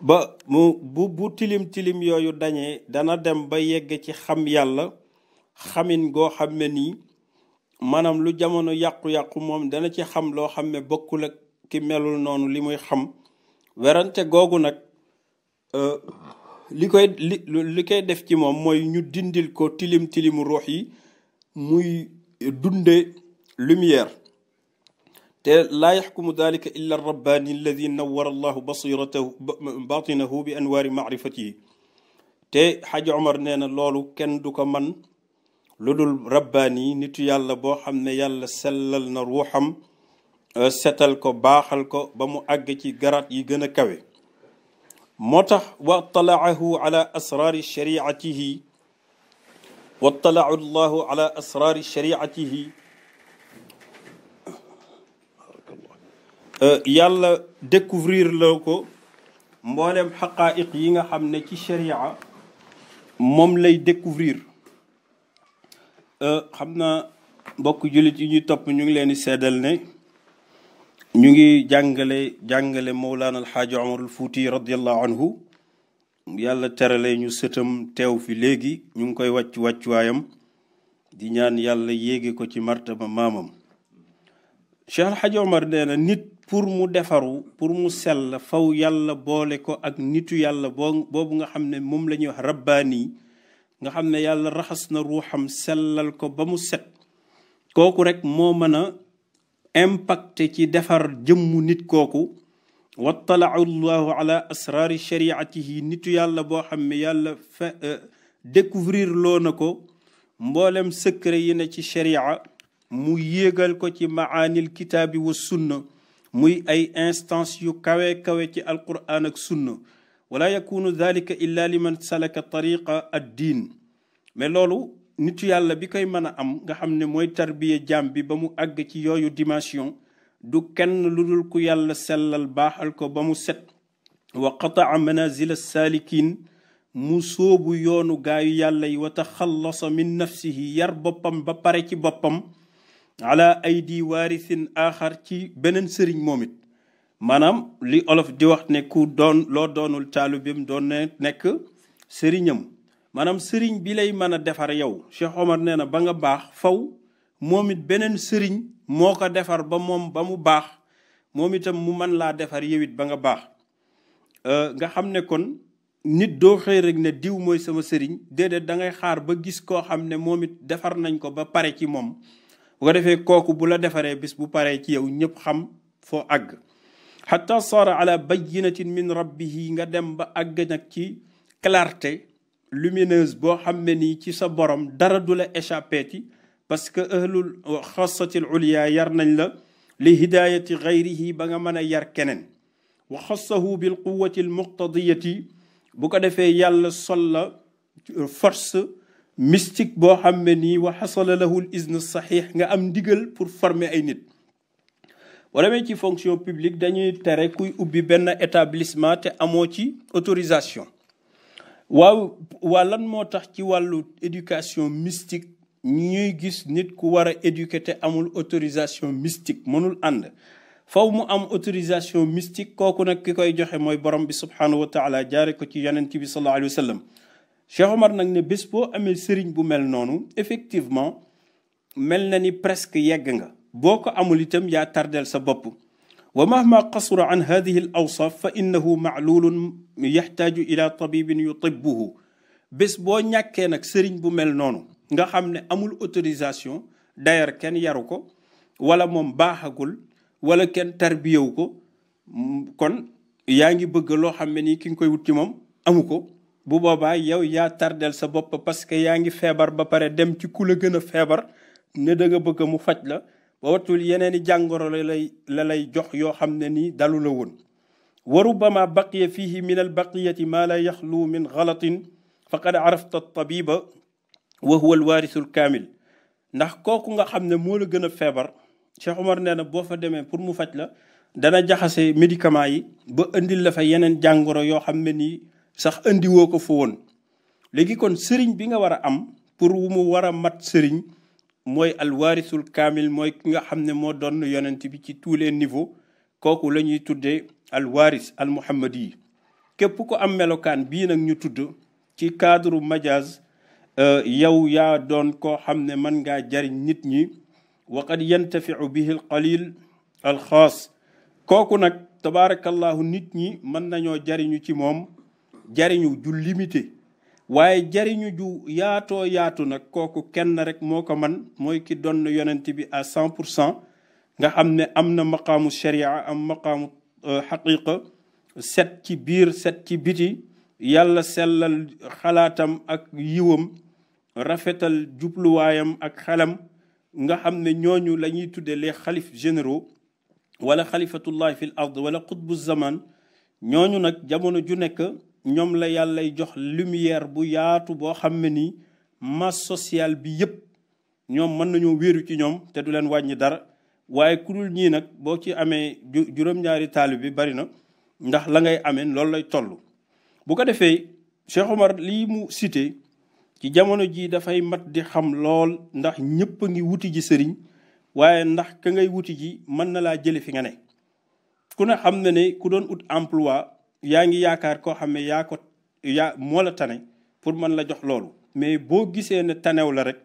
ba mu bu bu tilim tilim yooyu dañee dana dem ba yegg ci xam yàlla xamin goo xam ne nii maanaam lu jamono yàqu-yàqu moom dana ci xam loo xam ne bokkul ak ki melul noonu li muy xam werante googu nag euh, li koy li koy def ci moom mooy ñu dindil ko tilim tilimu ruux yi muy dunde lumière te laa yaxkumu dalika illa rabbaani alladi nawara allahu basiratahu batinahu bi anwaari maarifatihi te xaji omar nee na loolu kenn du ko man lu dul rabbaani yi nitu yàlla boo xam ne yàlla sellal na ruuxam euh, setal ko baaxal ko ba mu àgg ci garaat yi gën a kawe moo tax wa talaahu ala asraari shariatihi wa talaahu llahu ala shariatihi euh, yàlla découvrir la ko mboolem xaqaa'iq yi nga xam ne ci sharia moom lay découvrir Euh, xam naa mbokk jullit yi ñu topp ñu ngi leen di seddal ne ñu ngi jàngale jàngale Mawlana Alxaaji Omarul Fuuti radiallahu anhu yàlla terale ñu sëtam teew fi léegi ñu ngi koy wàcc wàccuwaayam di ñaan yàlla yéege ko ci ma maamam Cheikh Alxaaji Omar nee na nit pour mu defaru pour mu sell faw yàlla boole ko ak nitu yàlla boo boobu nga xam ne moom lañuy ñuy wax rabbaani nga xam ne yàlla raxas na ruuxam sellal ko ba mu set kooku rek moo mën a impacté ci defar jëmmu nit kooku wattalaahu llahu ala nitu yàlla boo xam ne yàlla fe euh, découvrir loo na ko mboolem secret yi ne ci sharia mu yéegal ko ci maanil kitaabi wa sunna muy ay instance yu kawe kawe ci alquran ak sunna wala yakunu dalika illa liman salaka tariqa ad diin mais loolu nitu yàlla bi koy mën a am nga xam ne mooy tarbiya jaam bi ba mu àgg ci yooyu dimension du kenn lu dul ku yàlla sellal baaxal ko ba mu set wa qataa manazila saalikin mu soobu yoonu gaayu yàlla yi wa taxallasa min nafsihi yar boppam ba pare ci boppam ala aydi waarisin aaxar ci beneen sëriñ moom it maanaam li olof di wax ne ku doon loo doonul taalibeem doon ne nekk sëriñam maanaam sëriñ bi lay mën a defar yow Cheikh Omar nee na ba nga baax faw moom it beneen sëriñ moo ko defar ba moom ba mu baax moom itam mu mën laa defar yow ba nga baax euh, nga xam ne kon nit doo xëy rek ne diw mooy sama sëriñ déedéet da ngay xaar ba gis koo xam ne moom it defar nañ ko ba pare ci moom bu ko defee kooku bu la defaree bis bu paree ci yow ñëpp xam foo àgg xata saara ala bayinatin min rabbihi nga dem ba àgg nag ci clarté lumineuse boo xam ne nii ci sa borom dara du la échappé ti parce que ahlul yar nañ la li hidayati gayrihi ba nga mën a yar keneen wa xassahu bil quwati almuqtadiyati bu ko defee yàlla sol la euh, force mystique boo xam ne nii wa xasala lahu l izne saxiix nga am ndigal pour former ay nit wala demee ci fonction publique dañuy tere kuy ubbi benn établissement te amoo ci autorisation waaw waa moo tax ci wàllu éducation mystique ñuy gis nit ku war a éduquer te amul autorisation mystique mënul ànd faw mu am autorisation mystique kooku nag ki koy joxe mooy borom bi subhanahu wa taala jaare ko ci yonent bi sallallahu alayhi wa sallam Cheikh Omar nag ne bés boo amee sëriñ bu mel noonu effectivement mel na ni presque yegg nga boo ko amul itam yaa tardeel sa bopp wa mahma qasura an hadihi al awsaf fa innahu macluulun yaxtaaju ila tabibin yutibbuhu bés boo ñàkkee nag sëriñ bu mel noonu nga xam ne amul autorisation d'ailleurs kenn yaru ko wala moom baaxagul wala kenn tarbiyewu ko kon yaa ngi bëgg loo xam ne nii ki nga koy wut ci moom amu ko bu boobaa yow yaa tardeel sa bopp parce que yaa ngi feebar ba pare dem ci ku la gën a feebar ne da nga bëgg mu faj la ba wattul yeneen i jàngoro la lay la lay jox yoo xam ne nii dalu la woon wa rubama baqiya fihi min albaqiyati maa la yaxlu min galatin faqad arafta altabiba wa huwa alwaarisu alkaamil ndax kooku nga xam ne moo la gën a feebar Cheikh Omar nee na boo fa demee pour mu faj la dana jaxase médicament yi ba indil la fa yeneen jàngoro yoo xam ne nii sax indiwoo ko fa woon léegi kon sëriñ bi nga war a am pour mu war a mat sëriñ mooy alwaarisul kaamil mooy ki nga xam ne moo doon yonent bi ci tous les niveaux kooku la ñuy tuddee alwaaris almuhammad yi képp ku am melokaan bii nag ñu tudd ci cadre majaaz euh, yow yaa doon koo xam ne mën ngaa jariñ nit ñi wa qad yantafiu bihi alqalil alxaas kooku nag tabaarakallahu nit ñi mën nañoo jariñu ci moom jariñu ju limité waaye jariñu ju yaato yaatu nag kooku kenn rek moo ko man mooy ki donn yonent bi à cent pour cent nga xam ne am na maqaamu sharia am maqaamu euh, xaqiqa set ci biir set ci biti yàlla sellal xalaatam ak yiwam rafetal jubluwaayam ak xelam nga xam ne ñooñu la ñuy tudde les xalif généraux wala xalifatullah fil ard wala qutbu zaman ñooñu nag jamono ju nekk ñoom la yàllay jox lumière bu yaatu boo xam ne nii masse sociale bi yëpp ñoom mën nañoo wéeru ci ñoom te du leen wàññi dara waaye ku dul ñii nag boo ci amee juróom-ñaari taalib bi bari na ndax la ngay amee loolu lay toll. bu ko defee Cheikh lii mu cité ci jamono jii dafay mat di xam lool ndax ñëpp a ngi wuti ji sëriñ waaye ndax ka ngay wuti ji mën na laa jëlee fi nga ne ku ne xam na ne ku doon ut emploi. yaa ngi yaakaar koo xam ne yaa ko yaa moo la tane pour mën la jox loolu mais boo gisee ne tanew la rek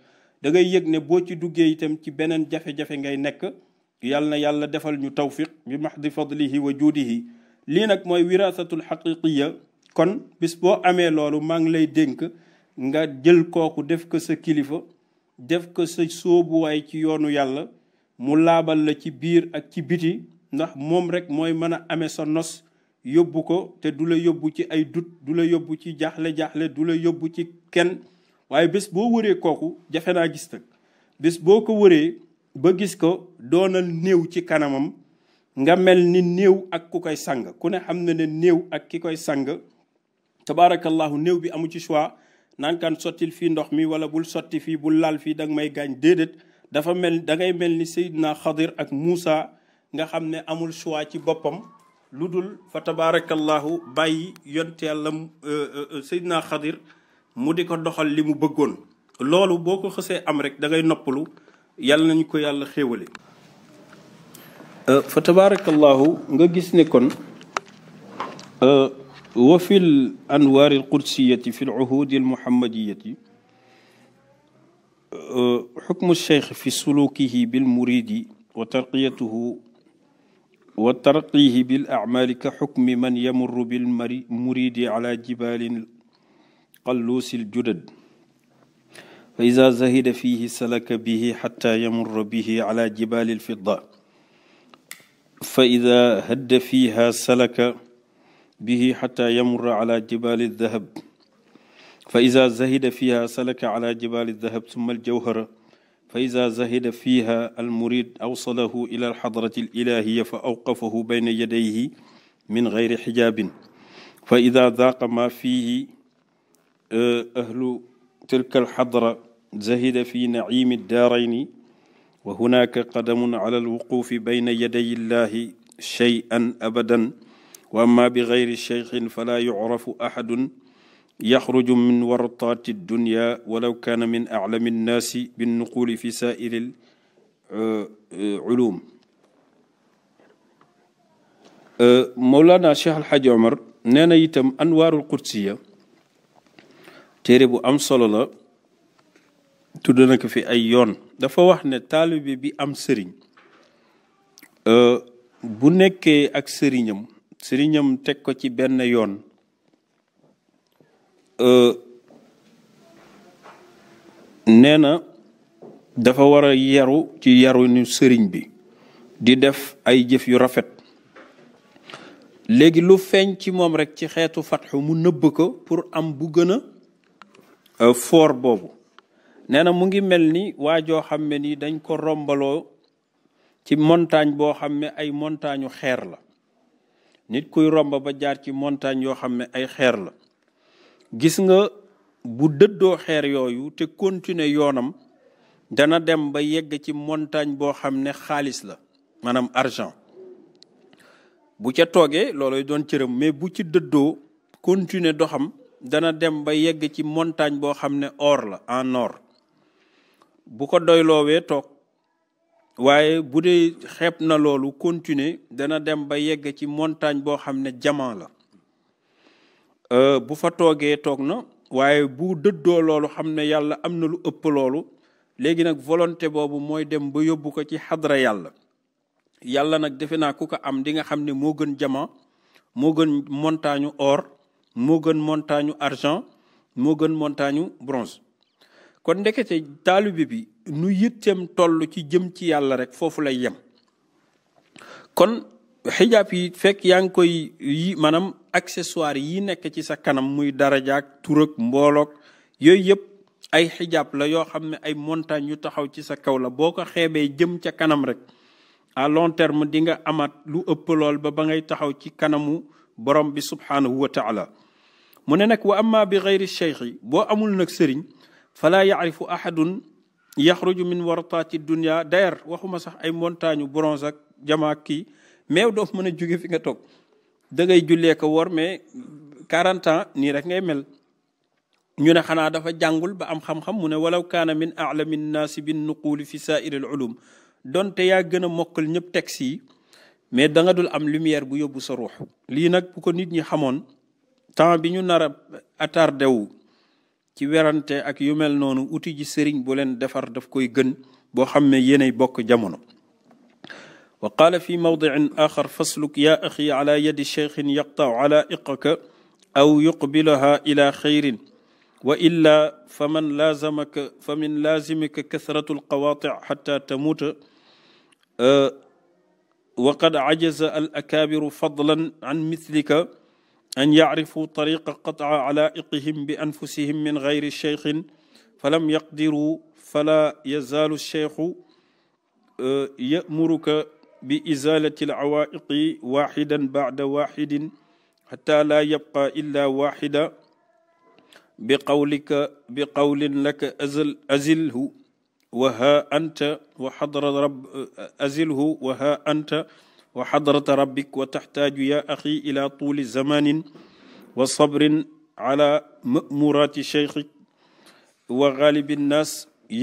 da ngay yëg ne boo ci duggee itam ci beneen jafe-jafe ngay nekk yàlla na yàlla defal ñu tawfiq bi max di mahdi fadlihi wa juudihi lii nag mooy wirasatul xaqiqiya kon bis boo amee loolu maa ngi lay dénk nga jël kooku def ko sa kilifa def ko sa sóobuwaay ci yoonu yàlla mu laabal la ci biir ak ci biti ndax moom rek mooy mën a ame sa nos yóbbu ko te du la yóbbu ci ay dut du la yóbbu ci jaxle jaxle du la yóbbu ci kenn waaye bés boo wëree kooku jafe naa gis nag bés boo ko wëree ba gis ko doonal néew ci kanamam nga mel ni néew ak ku koy sang ku ne xam na ne néew ak ki koy sang tabaarakallahu néew bi amu ci choix naankaan sottil fii ndox mi wala sotti fii bul laal fii danga may gaañ déedéet dafa mel da ngay mel ni Seydina Xadir ak Muusa nga xam ne amul choix ci boppam lu dul fa tabaarakallahu bàyyi yonte yàlla euh, euh, euh, Seydina Xadir mu di ko doxal li mu bëggoon loolu boo ko xësee am rek da ngay noppalu yàlla nañu ko yàlla xéewale fa tabaarakallahu nga gis ni kon wa fi l anwaari alqudsiyati fi luhudi almuhammadiyati xukmu cheikh fi sulukihi bilmuridi wa tarqiyatuhu wa tarqihi bil acmaali ka xukmi man yamurru bil mari muridi ala jibaalin qalluusil judad fa ida zahida fihi salaka bihi xata yamurra bihi ala jibaalil fidda fa ida hadda fiha salaka bihi xata yamurra ala jibaali dahab fa ida zahida fiha salaka ala jibaali dahab summa aljawhara fa ida zahida fiha almurid awsalahu ila alxadrati alilahiya fa awqafahu bayna yadayhi min geyri xijaabin fa ida daaqa ma fihi ahlu tilka alxadra zahida fi naciimi daarayni wa hunaka qadamun ala alwuqufi bayna yaday illahi cheyan abadan wa amma bi geyri cheikhin fala yucrafu axadun yaxruju min wartaati dunya wala kaana min aclami nnaasi binnuquuli fi saairi euh, ulum euh, Mawlana Cheikh Alxaaji Omar nee na itam anwaarul qudsiya téere bu am solo la tudd na fi ay yoon dafa wax ne taalibe bi am sëriñ euh, bu nekkee ak sëriñam sëriñam teg ko ci benn yoon Euh, nee na dafa wara yaru ci yaru nu sëriñ bi di def ay jëf yu rafet léegi lu feeñ ci moom rekk ci xeetu fatxu mu nëbb ko pour am bu gën a euh, foor boobu nee na mu ngi mel ni waa joo xam ne ni dañ ko rombaloo ci montagne boo xam ne ay montagne xeer la nit kuy romb ba jaar ci montagne yoo xam ne ay xeer la gis nga bu dëddoo xeer yooyu te continuer yoonam dana dem ba yegg ci montagne boo xam ne xaalis la maanaam argent bu ca toogee looloy doon cëram mais bu ci dëddoo continuer doxam dana dem ba yegg ci montagne boo xam ne or la en or bu ko doyloowee toog waaye bu dee xeeb na loolu continuer dana dem ba yegg ci montagne boo xam ne diamant la Euh, bu fa toogee toog na waaye bu dëddoo loolu xam ne yàlla am na lu ëpp loolu léegi nag volonté boobu mooy dem ba yóbbu ko ci xadra yàlla yàlla nag defe naa ku ko am di nga xam ne moo gën jama moo gën montagne or moo gën montagne argent moo gën montagne bronze kon ndekete taalibe bi nu yitteem toll ci jëm ci yàlla rek foofu lay yem kon xijaab yi fekk yaa ngi koy yi maanaam accessoire yi nekk ci sa kanam muy darajaak turag mboolook yooyu yëpp ay xijaab la yoo xam ne ay montagne yu taxaw ci sa kaw la boo ko xeebee jëm ca kanam rek à long terme di nga amaat lu ëpp lool ba ba ngay taxaw ci kanamu borom bi subhaanahu wa taala mu ne nag wa amma bi geyri cheikhi boo amul nag sëriñ fala yacrifu ahadun yaxruju min ci dunia d'ailleurs waxuma sax ay montagne bronze ak jamaak kii meew doof mën a jóge fi nga toog da ngay jullee ko woor mais 40 ans nii rek ngay mel ñu ne xanaa dafa jàngul ba am xam-xam mu ne walaw kaana min alami nnaasi bin nuquuli fi saairi al ulum donte yaa gën a mokkal ñëpp texte yi mais da dul am lumière bu yóbbu sa ruux lii nag bu ko nit ñi xamoon temps bi ñu nar a attardé wu ci werante ak yu mel noonu uti ji sëriñ bu leen defar daf koy gën boo xam ne yéenay bokk jamono wa qaala fi mawdicin axar fasluk yaa axi ala yadi cheikhin yaqtau ala iqaka aw yuqbilaha ila xayrin wa illa fa man laazamaka fa min laazimika kasratu alqawaatic xata tamuuta wa qad cajaza al akaabiru fadlan an mislika an yacrifuu tariqa qatca calaa'iqihim bi anfusihim min gayri cheikhin falam yaqdiruu falaa yazaalu cheikhu yamuruka bi izalati alawaiqi waxidan bada waxidin xata laa yabqa illa waxida bi qawlika bi qawlin laka azil azilhu wa ha anta wa xadra rabb azilhu wa ha anta wa xadrata rabbik wa taxtaaju ya axi ila tuuli zamanin wa sabrin ala mamuraati cheikhik wa galibi nnaas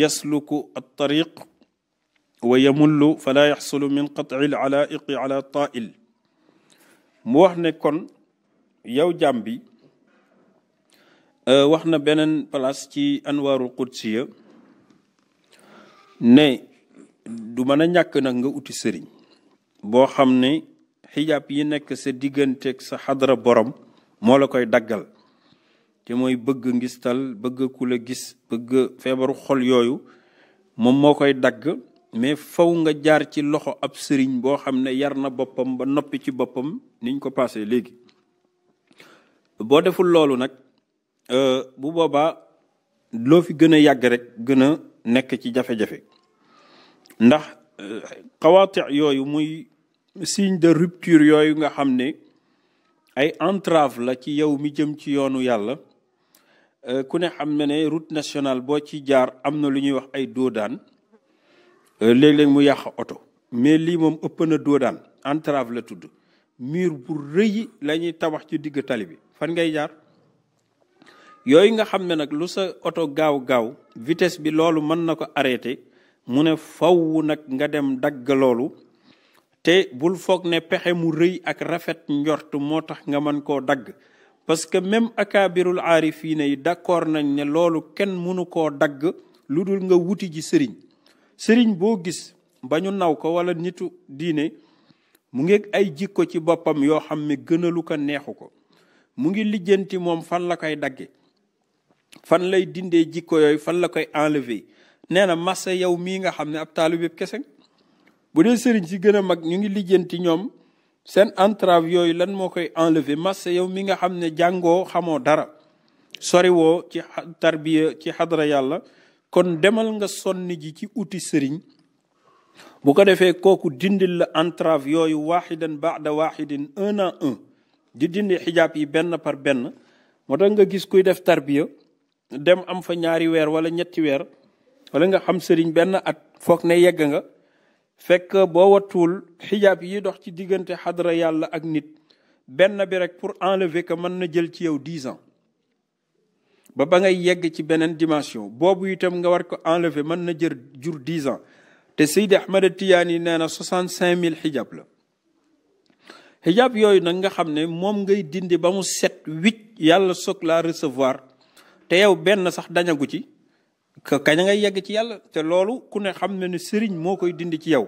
yasluku altariq wa yamullu fala yaxsulu min qatci lalaaiqi mu wax ne kon yow jàmm bi euh, wax na beneen palaas ci anwaarul qudsiya ne du mën a ñàkk nag nga uti sëriñ boo xam ne xijaab yi nekk sa digganteeg sa xadara borom moo la koy daggal te mooy bëgg ngistal bëgg ku la gis bëgg feebaru xol yooyu moom moo koy dagg mais faw nga jaar ci loxo ab sëriñ boo xam ne yar na boppam ba noppi ci boppam niñ ko passé léegi boo deful loolu nag euh, bu boobaa loo fi gën a yàgg rek gën a nekk ci jafe-jafe ndax euh, xawaati yooyu muy signe de rupture yooyu nga xam ne ay entrave la ci yow mi jëm ci yoonu yàlla euh, ku ne xam ne ne route nationale boo ci jaar am na lu ñuy wax ay doodaan Euh, léeg-léeg mu yàq oto mais lii moom ëpp na doo daan entrave la tudd miir bu rëy lañuy ñuy tabax ci digg tali bi fan ngay jaar yooyu nga xam ne nag lu sa oto gaaw-gaaw vitesse bi loolu mën na ko arrêté mu ne fawwu nag nga dem dagg loolu te bul foog ne pexe mu rëy ak rafet njort moo tax nga mën koo dagg parce que même akaabirul aarifiina yi d'accord nañ ne loolu kenn mënu koo dagg lu dul nga wuti ji sëriñ sëriñ boo gis ba ñu naw ko wala nitu diine mu ngi ay jikko ci boppam yoo xam ne gënalu ko neexu ko mu ngi lijjanti moom fan la koy dagge fan lay dindee jikko yooyu fan la koy enlever nee na massa yow mii nga xam ne ab taalibe kese bu dee sëriñ si gën a mag ñu ngi lijjanti ñoom seen entrave yooyu lan moo koy enlever massa yow mi nga xam ne jàngoo xamoo dara soriwoo ci tarbiya ci xadra yàlla kon demal nga sonni ji ci uti sëriñ bu ko defee kooku dindil la entrave yooyu waaxidan baada waaxidin un à un di dindi xijaab yi benn par benn moo tax nga gis kuy def tarbiya dem am fa ñaari weer wala ñetti weer wala nga xam sëriñ benn at foog ne yegg nga fekk boo wattuwul xijaab yi dox ci diggante xadra yàlla ak nit benn bi rek pour enlever que mën na jël ci yow dix ans ba ba ngay yegg ci beneen dimension boobu itam nga war ko enlever mën na jër jur dix ans te Seydi Ahmed Tidiane nee na soixante cinq mille hijab la hijab yooyu nag nga xam ne moom ngay dindi ba mu set huit yàlla soog laa recevoir te yow benn sax dañagu ci kañ ngay yegg ci yàlla te loolu ku ne xam ne ne sëriñ moo koy dindi ci yow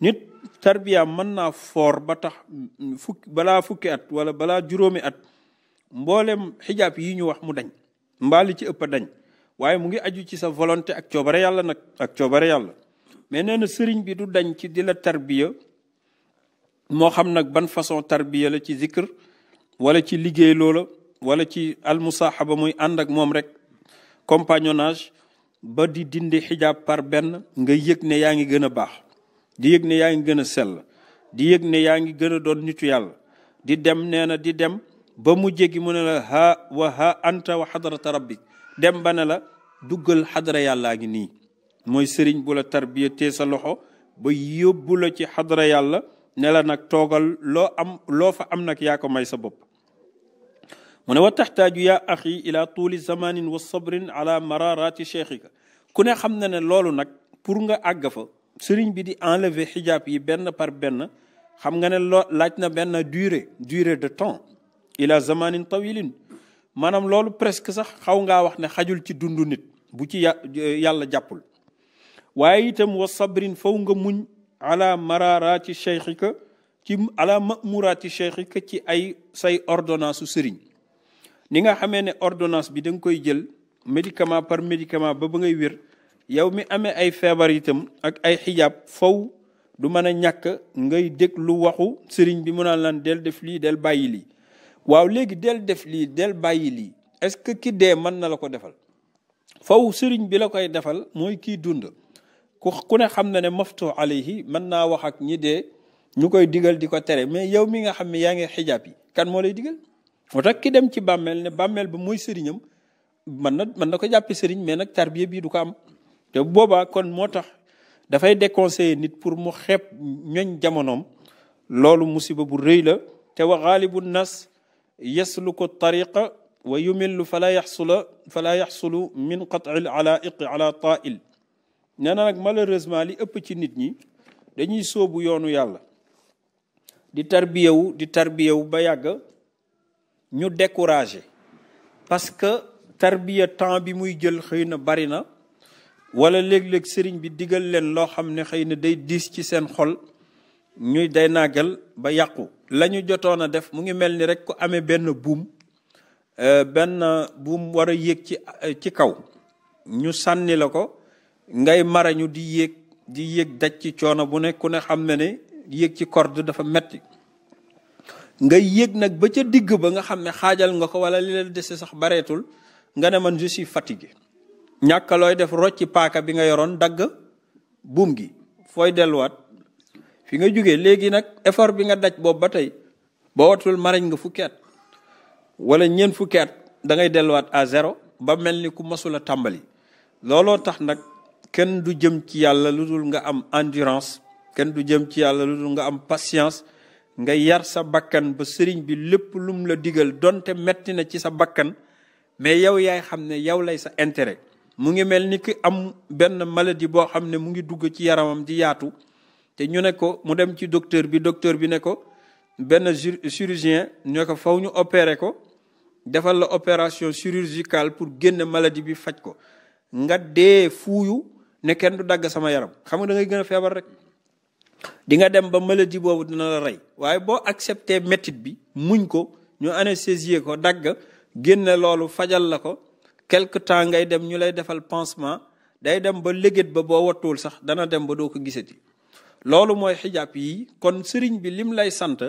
nit tarbiya mën naa foor ba tax fukk balaa fukki at wala balaa juróomi at mboolem hijab yi ñu wax mu dañ mbaa li ci ëpp dañ waaye mu ngi aju ci sa volonté ak coobare yàlla nag ak coobare yàlla mais nee na sëriñ bi du dañ ci di la tarbiya moo xam nag ban façon tarbiya la ci zikr wala ci liggéey loola wala ci almusaahaba muy ànd ak moom rek compagnonnage ba di dindi xijaab par benn nga yëg ne yaa ngi gën a baax di yëg ne yaa ngi gën a sell di yëg ne yaa ngi gën a doon nitu yàlla di dem nee na di dem ba mu jéggi mu ne la ha wa ha anta wa xadarata rabbi dem ba ne la duggal xadara yàllaa ngi nii mooy sëriñ bu la tarbiya sa loxo ba yóbbu la ci xadara yàlla ne la nag toogal loo am loo fa am nag yaa ko may sa bopp mu ne wa taxtaaju yaa axi ila tuuli zamanin wa sabrin ala mararati cheikhika ku ne xam na ne loolu nag pour nga àgg fa sëriñ bi di enlever xijaab yi benn par benn xam nga ne loo laaj na benn dure durée de temps ila zamanin tawilin maanaam loolu presque sax xaw ngaa wax ne xajul ci dundu nit bu ci yàlla jàppul waaye itam wa sabrin faw nga muñ ala mararaati cheikhika ci ala mamuraati cheikhika ci ay say ordonance su sëriñ ni nga xamee ne ordonance bi da nga koy jël médicament par médicament ba ba ngay wér yow mi amee ay feebar itam ak ay xijaab faw du mën a ñàkk ngay déglu waxu sëriñ bi mun naan lan del def lii del bàyyi lii waaw léegi del def lii del bàyyi lii est-ce que ki dee mën na la ko defal faw sëriñ bi la koy defal mooy kii dund ku ku ne xam na ne maftu alayhi mën naa wax ak ñi dee ñu koy digal di ko tere mais yow mi nga xam ne yaa ngi xijaab yi kan moo lay digal moo tax ki dem ci bàmmeel ne bàmmeel ba mooy sëriñam mën na mën na ko jàppe sëriñ mais nag tarbiya bii du ko am te boobaa kon moo tax dafay déconseiller nit pour mu xeeb ñoñ jamonoom loolu musiba bu rëy la te wa nas ko tariqa wa yumillu fala yaxsula fala yaxsulu min qatci alaiqi ala tail nee na nag malheureusement li ëpp ci nit ñi dañuy sóobu yoonu yàlla di tarbiyewu di tarbiyewu ba yàgg ñu découragé parce que tarbiya temps bi muy jël xëy na bari na wala léeg-léeg sëriñ bi digal leen loo xam ne xëy na day diis ci seen xol ñuy day naagal ba yàqu lañu ñu jotoon a def mu ngi mel ni rek ku amee benn buum euh, benn buum war a yéeg ci euh, ci kaw ñu sànni la ko ngay marañu di yéeg di yéeg daj ci coono bu ne ku ne xam ne ne yéeg ci corde dafa metti nga yéeg nag ba ca digg ba nga xam ne xaajal nga ko wala li la dese sax bareetul nga ne man je suis fatigué looy def rocci paaka bi nga yoroon dagg buum gi fooy delluwaat fi nga jugee léegi nag effort bi nga daj boobu ba tey boo watul marañ nga fukki at wala ñeent fukki at da ngay delluwaat à zéro ba mel ni ku masul a tàmbali looloo tax nag kenn du jëm ci yàlla lu dul nga am endurance kenn du jëm ci yàlla nga am patience nga yar sa bakkan ba sëriñ bi lépp lum la digal donte metti na ci sa bakkan mais yow yaay xam ne yow lay sa intérêt mu ngi mel ni ki am benn maladie boo xam ne mu ngi dugg ci yaramam di yaatu ñu ne ko mu dem ci docteur bi docteur bi ne ko benn chirurgien ne ko faw ñu opérer ko defal la opération chirurgicale pour génne maladie bi faj ko nga dee fuuyu ne kenn du dagg sama yaram xam nga da ngay feebar rek di nga dem ba maladie boobu dina la rey waaye boo accepté métit bi muñ ko ñu anesthésier ko dagg génne loolu fajal la ko quelque temps ngay dem ñu lay defal pansement day dem ba léget ba boo wattuwul sax dana dem ba doo ko gisati loolu mooy xijaab yi kon sëriñ bi lim lay sant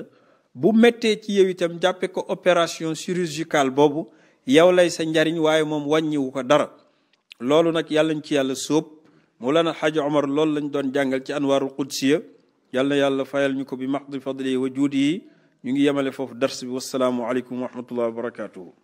bu méttee ci yow itam jàppe ko opération chirurgicale boobu yow lay sa njariñ waaye moom wàññiwu ko dara loolu nag yàlla ñu ci yàlla soob la Mawlana Xaaji Omar loolu lañ doon jàngal ci anwaarul qudsiya yàlla yàlla fayal ñu ko bi maxdi fadli wa juudi yi ñu ngi yemale foofu dars bi wasalaamu aleykum wa rahmatullahi wa barakatuhu